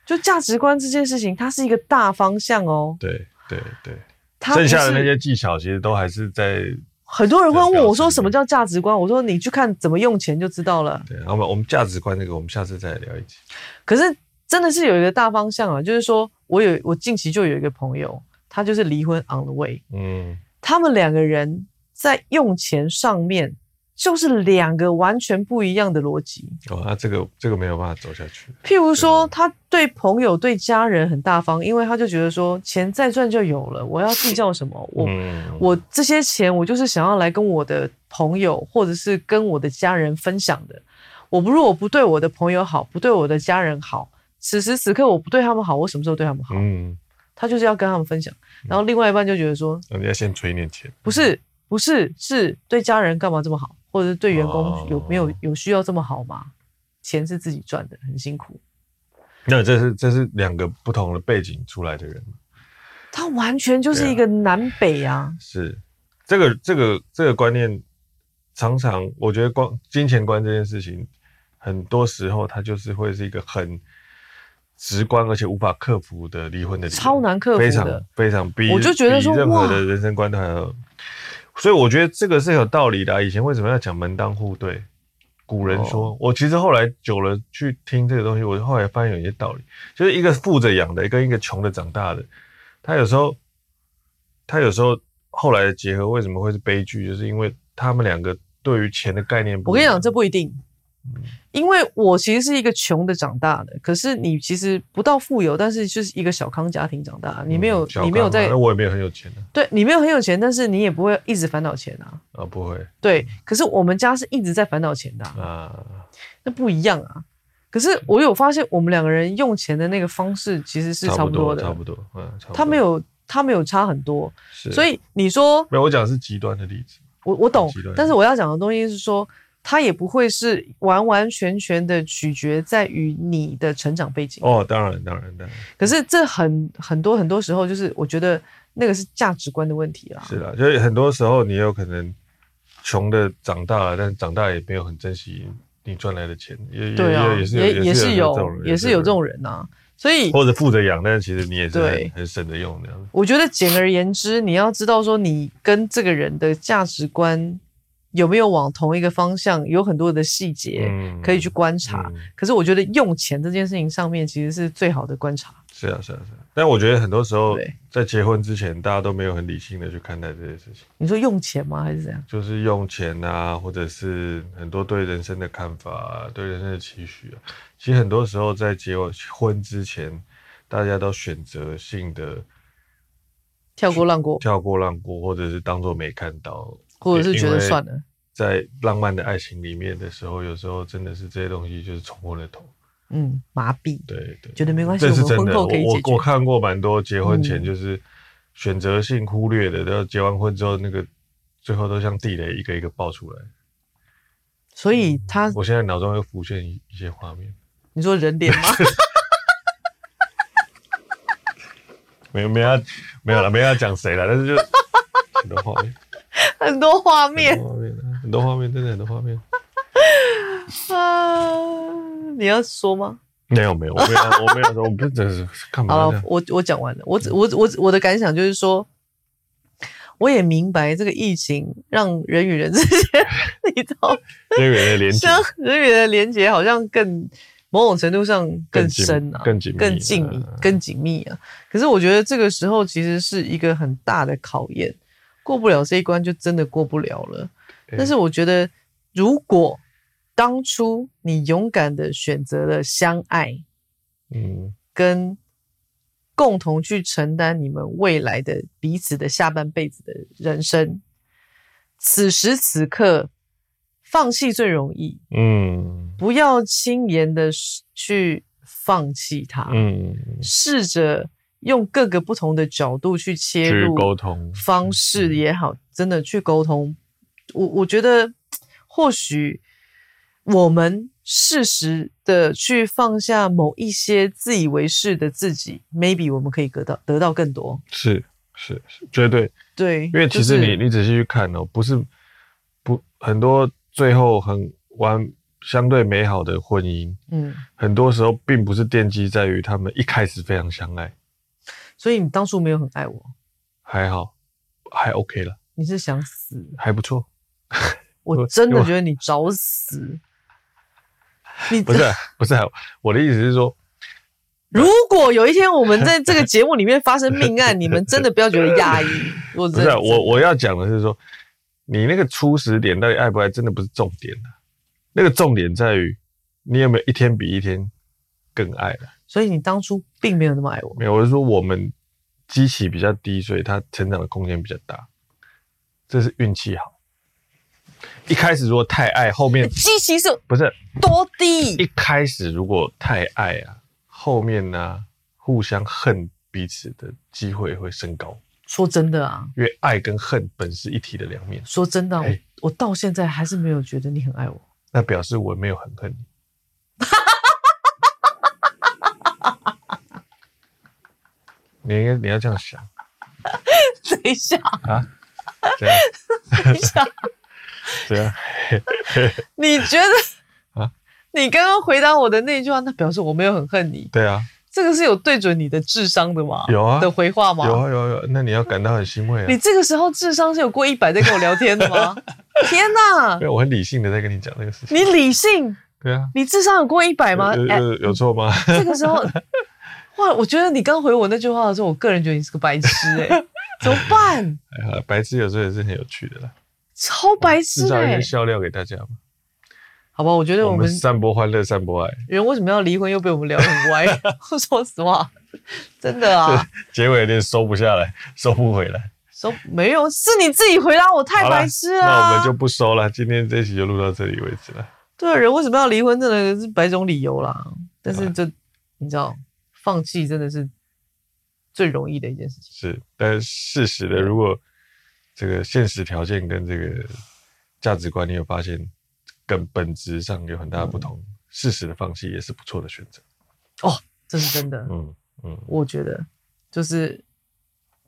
就價值觀這件事情，它是一個大方向哦。對對對它，剩下的那些技巧其實都還是在，很多人會問我說：“什麼叫價值觀？”我說：“你去看怎麼用錢就知道了。對啊”對，那麼我們價值觀那個，我們下次再聊一次。可是真的是有一個大方向啊，就是說我有我近期就有一個朋友。他就是離婚 on the way。嗯，他們兩個人在用錢上面就是兩個完全不一樣的邏輯。哦，那、啊、這個這個沒有辦法走下去。譬如說、就是，他對朋友、對家人很大方，因為他就覺得說，錢再賺就有了，我要計較什麼？嗯、我我這些錢，我就是想要來跟我的朋友或者是跟我的家人分享的。我不如我不對我的朋友好，不對我的家人好，此時此刻我不對他們好，我什麼時候對他們好？嗯。他就是要跟他們分享，然後另外一半就覺得說，你、嗯、要先存一點錢？不是，不是，是對家人幹嘛這麼好，或者是對員工有、哦、有沒有有需要這麼好嗎？錢是自己賺的，很辛苦。那這是這是兩個不同的背景出來的人，他完全就是一個南北啊。啊是，這個這個這個觀念，常常我覺得光金錢觀這件事情，很多時候它就是會是一個很。直觀而且無法克服的離婚的離婚，超難克服，非常非常必要。我就覺得說任何的人生觀都，所以我覺得這個是有道理的、啊。以前為什麼要講門當戶對？古人說、哦，我其實後來久了去聽這個東西，我後來發現有一些道理。就是一個富着養的，跟一個窮的長大的，他有時候，他有時候後來的結合為什麼會是悲劇？就是因為他們兩個對於錢的概念不一樣。我跟你講，這不一定。嗯因為我其實是一個窮的長大的，可是你其實不到富有，但是就是一個小康家庭長大，你沒有，嗯、你沒有在，那我也沒有很有錢的、啊，對，你沒有很有錢，但是你也不會一直煩惱錢啊，啊，不會，對，可是我們家是一直在煩惱錢的啊，啊，那不一樣啊，可是我有發現我們兩個人用錢的那個方式其實是差不多的，差不多，差不多嗯，他沒有，他沒有差很多，所以你說，沒有，我講的是極端的例子，我我懂，但是我要講的東西是說。他也不會是完完全全的取決在於你的成長背景哦，當然，當然，當然。可是這很很多很多時候，就是我覺得那個是價值觀的問題啦。是的，所以很多時候你有可能窮的長大了，但長大也沒有很珍惜你賺來的錢，也對、啊、也是也是有也是有，也是有這種人吶、啊。所以或者富著養，但是其實你也是很很省着用的樣子。我覺得簡而言之，你要知道說你跟這個人的價值觀。有沒有往同一個方向？有很多的細節可以去觀察，嗯嗯。可是我覺得用錢這件事情上面，其實是最好的觀察。是啊，是啊，是啊。但我覺得很多時候，在結婚之前，大家都沒有很理性的去看待這件事情。你說用錢嗎？還是怎樣？就是用錢啊，或者是很多對人生的看法啊，對人生的期許啊。其實很多時候在結婚之前，大家都選擇性的跳過浪過、跳過浪過，或者是當作沒看到。或者是覺得算了，在浪漫的愛情裡面的時候、嗯，有時候真的是這些東西就是沖昏了頭，嗯，麻痹，對對，覺得沒關係，這是真的。我我，我看過蠻多結婚前就是選擇性忽略的，然、嗯、後結完婚之後，那個最後都像地雷一個一個爆出來。所以他、嗯，我現在腦中又浮現一一些畫面。你說人臉嗎？ 沒沒，沒有沒有沒有了，沒有要講誰了，但是就很多畫面。很多畫面，面， 很多畫面，真的很多畫面。Uh, 你要說嗎？沒有，沒有，我沒有，我沒有說， 我不是，真是幹嘛好了，我我講 完了。 我我我我的感想就是說，我也明白這個疫情讓人與人之間，你懂？人與人的連結 人與人的連結好像更某種程度上更深啊，更緊密、啊，更緊密啊，啊。可是我覺得這個時候其實是一個很大的考驗。過不了這一關，就真的過不了了。欸、但是我覺得，如果當初你勇敢的選擇了相愛，嗯，跟共同去承擔你們未來的彼此的下半輩子的人生，此時此刻放棄最容易，嗯，不要輕言的去放棄它，嗯，試着。用各個不同的角度去切入，溝通方式也好、嗯，真的去溝通。我我覺得，或許我們適時的去放下某一些自以為是的自己，maybe 我們可以得到得到更多。是是絕對、嗯、對。因為其實你、就是、你仔細去看哦，不是不很多，最後很完相對美好的婚姻，嗯，很多時候並不是奠基在於他們一開始非常相愛。所以你當初沒有很愛我，還好，還 OK 了。你是想死？還不錯， 我真的覺得你找死。你不是、啊、不是、啊，我的意思是說， 如果有一天我們在這個節目裡面發生命案， 你們真的不要覺得訝異。 我真的、真的、啊，我我要講的是說，你那個初始點到底愛不愛，真的不是重點、啊、那個重點在於，你有沒有一天比一天更愛了。所以你當初並沒有那麼愛我，沒有，我是說我們基期比較低，所以它成長的空間比較大，這是運氣好。一開始如果太愛，後面基期是不是多低？一開始如果太愛啊，後面呢，互相恨彼此的機會會升高。說真的啊，因為愛跟恨本是一體的兩面。說真的啊，我我到現在還是沒有覺得你很愛我，那表示我沒有很恨你。你應該，你要這樣想，等一下啊，等一下， 怎樣 你覺得、啊、你剛剛回答我的那一句話，那表示我沒有很恨你，對啊，這個是有對準你的智商的嗎？有啊，的回話嗎？有啊，有啊有、啊，那你要感到很欣慰啊！ 你這個時候智商是有過一百在跟我聊天的嗎？ 天哪、啊！沒有，我很理性的在跟你講這個事情。你理性？對啊。你智商有過一百嗎？有有有錯嗎？欸、 這個時候。哇、wow，我覺得你剛回我那句話的時候，我個人覺得你是個白痴哎、欸， 怎麼辦？好、哎，白痴有時候也是很有趣的啦。超白痴、欸，制造一個笑料給大家嘛。好吧，我覺得我們散播歡樂，散播愛。人為什麼要離婚？又被我們聊很歪。 說實話，真的啊。結尾有點收不下來，收不回來。收沒有，是你自己回答我太白痴了。那我們就不收了，今天這期就錄到這裡為止了。對啊，人為什麼要離婚？真的是百種理由啦。但是這你知道。放棄真的是最容易的一件事情。是，但是事實的，如果這個現實條件跟這個價值觀，你有發現跟本質上有很大的不同，嗯、事實的放棄也是不錯的選擇。哦，這是真的。嗯嗯，我覺得就是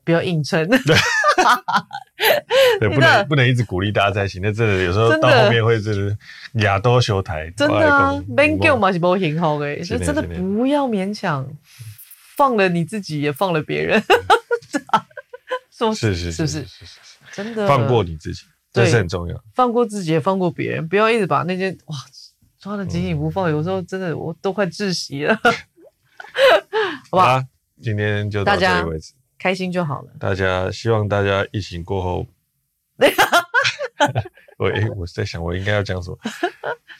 不要硬撐。對。哈 哈，不能不能一直鼓勵大家在一起，那真的有時候到後面會是亞多修台，真的勉強嘛是不行好嘅，所以真的不要勉強，放了你自己也放了別人，哈哈，是 是，是不是，是是的，真的放過你自己，這是很重要，放過自己也放過別人，不要一直把那些哇抓得緊緊不放，嗯，有時候真的我都快窒息了， 好吧，啊？今天就到這裡為止。開心就好了。大家希望大家疫情過後， 我哎、欸，我在想我應該要講什麼。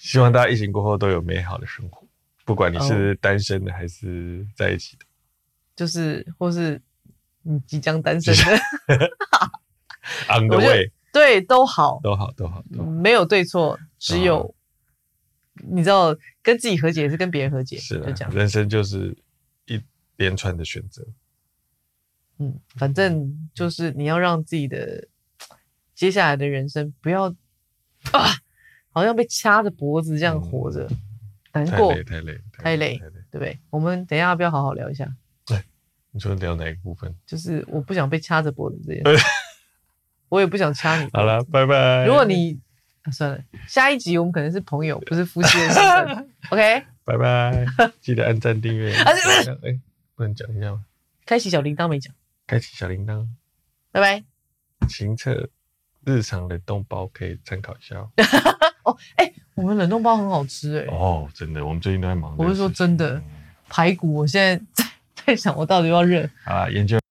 希望大家疫情過後都有美好的生活，不管你是單身的還是在一起的，哦、就是或是你即將單身的 On the way 對都，都好，都好，都好，沒有對錯，只有你知道跟自己和解是跟別人和解，是這樣，人生就是一連串的選擇。嗯，反正就是你要讓自己的接下來的人生不要啊，好像被掐着脖子這樣活着，嗯，難過太累太累，太累，太，累，太，累太累，對不對？我們等一下要不要好好聊一下。對、欸，你說聊哪一個部分？就是我不想被掐着脖子這樣， 我也不想掐你。 好了，拜拜。如果你、啊、算了，下一集我們可能是朋友，不是夫妻的身份。 OK，拜拜，記得按讚訂閱。哎、啊嗯欸，不能講一下嗎？開啟小鈴鐺沒講。開啟小鈴鐺，拜拜。清澈日常冷凍包可以參考一下哦。哎、 哦欸，我們冷凍包很好吃哎、欸。哦，真的，我們最近都在忙。我是說真的，排骨，我現在在在想，我到底要熱啊，研究。